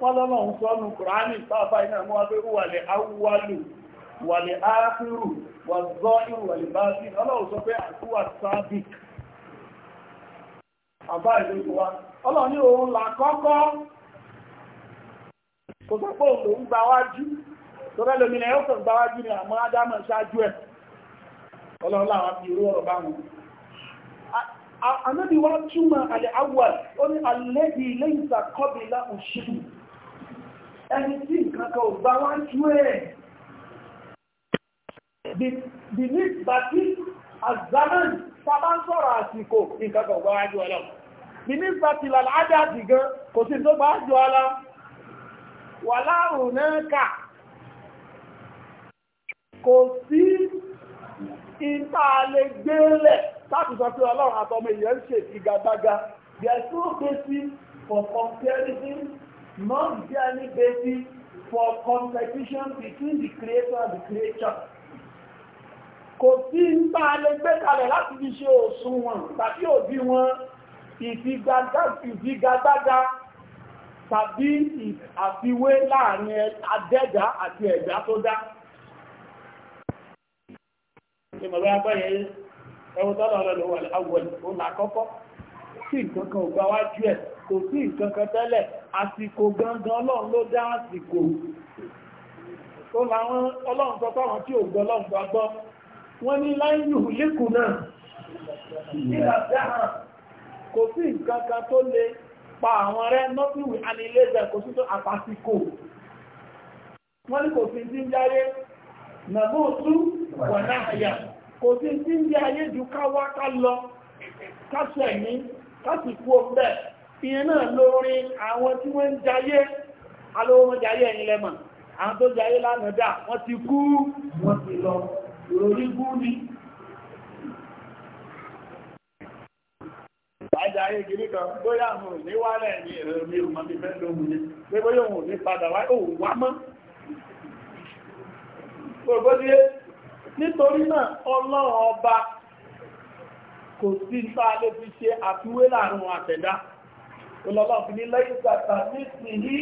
Speaker 2: wọ́n lọ́lọ́run sọ́nù kùránì pàápàá iná mọ́ abẹ́rú wà lè awúwálù wà lè áàfírù wà zọ́ ìrù wà lè bá sí ọlọ́run sọ pé àtúwà sábìk àbá wa ọlọ́run ní òun là kọ́kọ́ kò sọ pé òun lòún tó fẹ́ lómìnira yóò ni àmọ́ ádámọ̀ ṣáájú ẹ̀ ọlọ́run làwọn fi irú ọ̀rọ̀ túmọ̀ àlẹ́ ó ní ẹni tí nǹkan kan ò gbá wá jú ẹ̀ bí ní bàtí azaman sábà ń sọ̀rọ̀ àsìkò nǹkan kan ò gbá The need ọlọ́ bí ní bàtí làládà dìgan kò sí tó bá jọ ọlọ́ wà láàrùn náà kà kò sí ìta lè gbélẹ̀ láti sọ pé ọlọ́run àtọmọ èèyàn ń ṣe ìgagbága there is no basis for comparison not any basis for competition between the creator and the creature. Kò sí ń bá a lè gbé kalẹ̀ láti fi ṣe òṣùwọ̀n tàbí òbí wọn ìfigagbága tàbí àfiwé láàrin adẹ́dá àti ẹ̀dá tó dá. Ìmọ̀lẹ́ agbẹ́yẹ ẹwọ́n tọ́lọ̀ rẹ̀ lọ́wọ́ àwọn òun àkọ́kọ́ sí nǹkan kan ò gba wájú ẹ̀ kò sí nǹkan tẹ́lẹ̀ àsìkò gangan ọlọ́run ló dá àsìkò tó láwọn ọlọ́run sọ fáwọn tí ò gbọ́ ọlọ́run gbà gbọ́ wọ́n ní láìlú lékùn náà
Speaker 1: nígbà dáhà
Speaker 2: kò sí nǹkan kan tó lè pa àwọn rẹ nọ́tíwì anilẹ́sẹ̀ kò sí tó àpàsìkò wọ́n ní kò sí sí ń jáyé nàbó tú wọ̀n náà yà kò sí sí ń jáyé ju ká ká lọ ká sẹ̀mí káàkì kú ọ̀pẹ́ ìyẹn náà lórí àwọn tí wọ́n ń jayé alówó wọn jayé ẹ̀yìn lẹ́mọ̀ àwọn tó jayé lánàá dà wọ́n ti kú wọ́n ti lọ ìròrí kú ni àjáyé gírí kan bóyá àwọn òní wà rẹ̀ ní ẹ̀rọ̀mí ọmọ bí fẹ́ lóhun ní pé bóyá kò sí bá lè fi ṣe àfiwé láàrin àtẹ̀dá olọ́lọ́ fi ní lẹ́yìn tàtà ní sí ní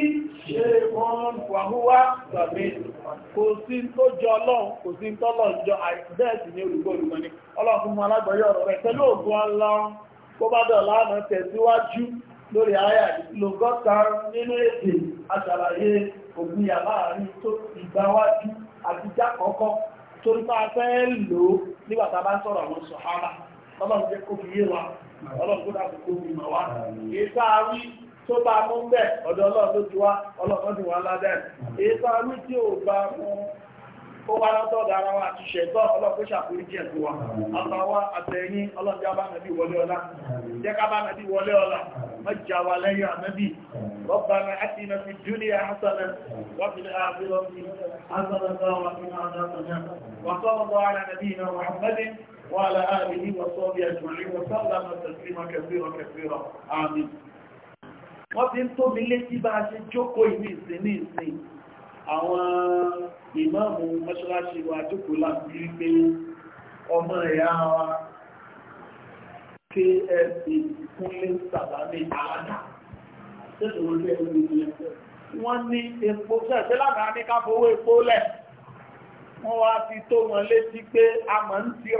Speaker 2: ṣe wọn wàhúwá tàbí kò sí tó jọ ọlọ́run kò sí tọ́lọ̀ jọ àìsíbẹ́ẹ̀sì ní olùgbọ́ olùgbọ́ ni ọlọ́fún mọ́ alágbọ̀yọ́ ọ̀rọ̀ rẹ̀ pẹ̀lú ògùn ọlọ́run kó bá dọ̀ lánàá tẹ̀síwájú lórí ayà lògọ́ta nínú èdè àṣàlàyé ògbìyà láàrin tó ìgbáwájú àti fẹ́ lò nígbàtà bá sọ̀rọ̀ àwọn sọ̀hánà ọlọ́run jẹ́ kó fi yé wa ọlọ́run kó dàbí kó fi mọ̀ wá ìta wí tó bá mú bẹ̀ ọ̀dọ̀ ọlọ́run ló ti wá ọlọ́run ti wá ládẹ́ ìta wí tí ò bá mú ó wá lọ́tọ̀ dára wa àti ṣẹ̀tọ́ ọlọ́pẹ́ ṣàkórí jẹ́ tó wa àtàwà àtẹ̀yìn ọlọ́dẹ́ abánàbí wọlé ọlá jẹ́ kábánàbí wọlé ọlá mẹ́jà wà lẹ́yìn ànábì ربنا آتنا في الدنيا حسنة وفي الآخرة حسنة وقنا عذاب النار وصلى الله على نبينا محمد وعلى آله وصحبه أجمعين وسلم تسليما كثيرا كثيرا آمين wọ́n ti ń tó mi létí bá ṣe jókòó ìní ìsìn ní ìsìn àwọn ìmáàmù mọ́ṣáláṣí wa jókòó láti rí pé ọmọ ẹ̀yà wa kfc kúnlé sàbámi àádá tẹ́lẹ̀ orí ẹ̀rọ ìlú wọ́n ní epo ṣẹ̀ṣẹ́ lábàá ní ká fowó epo lẹ̀ wọ́n wá ti tó wọn létí pé a mọ̀ ń tira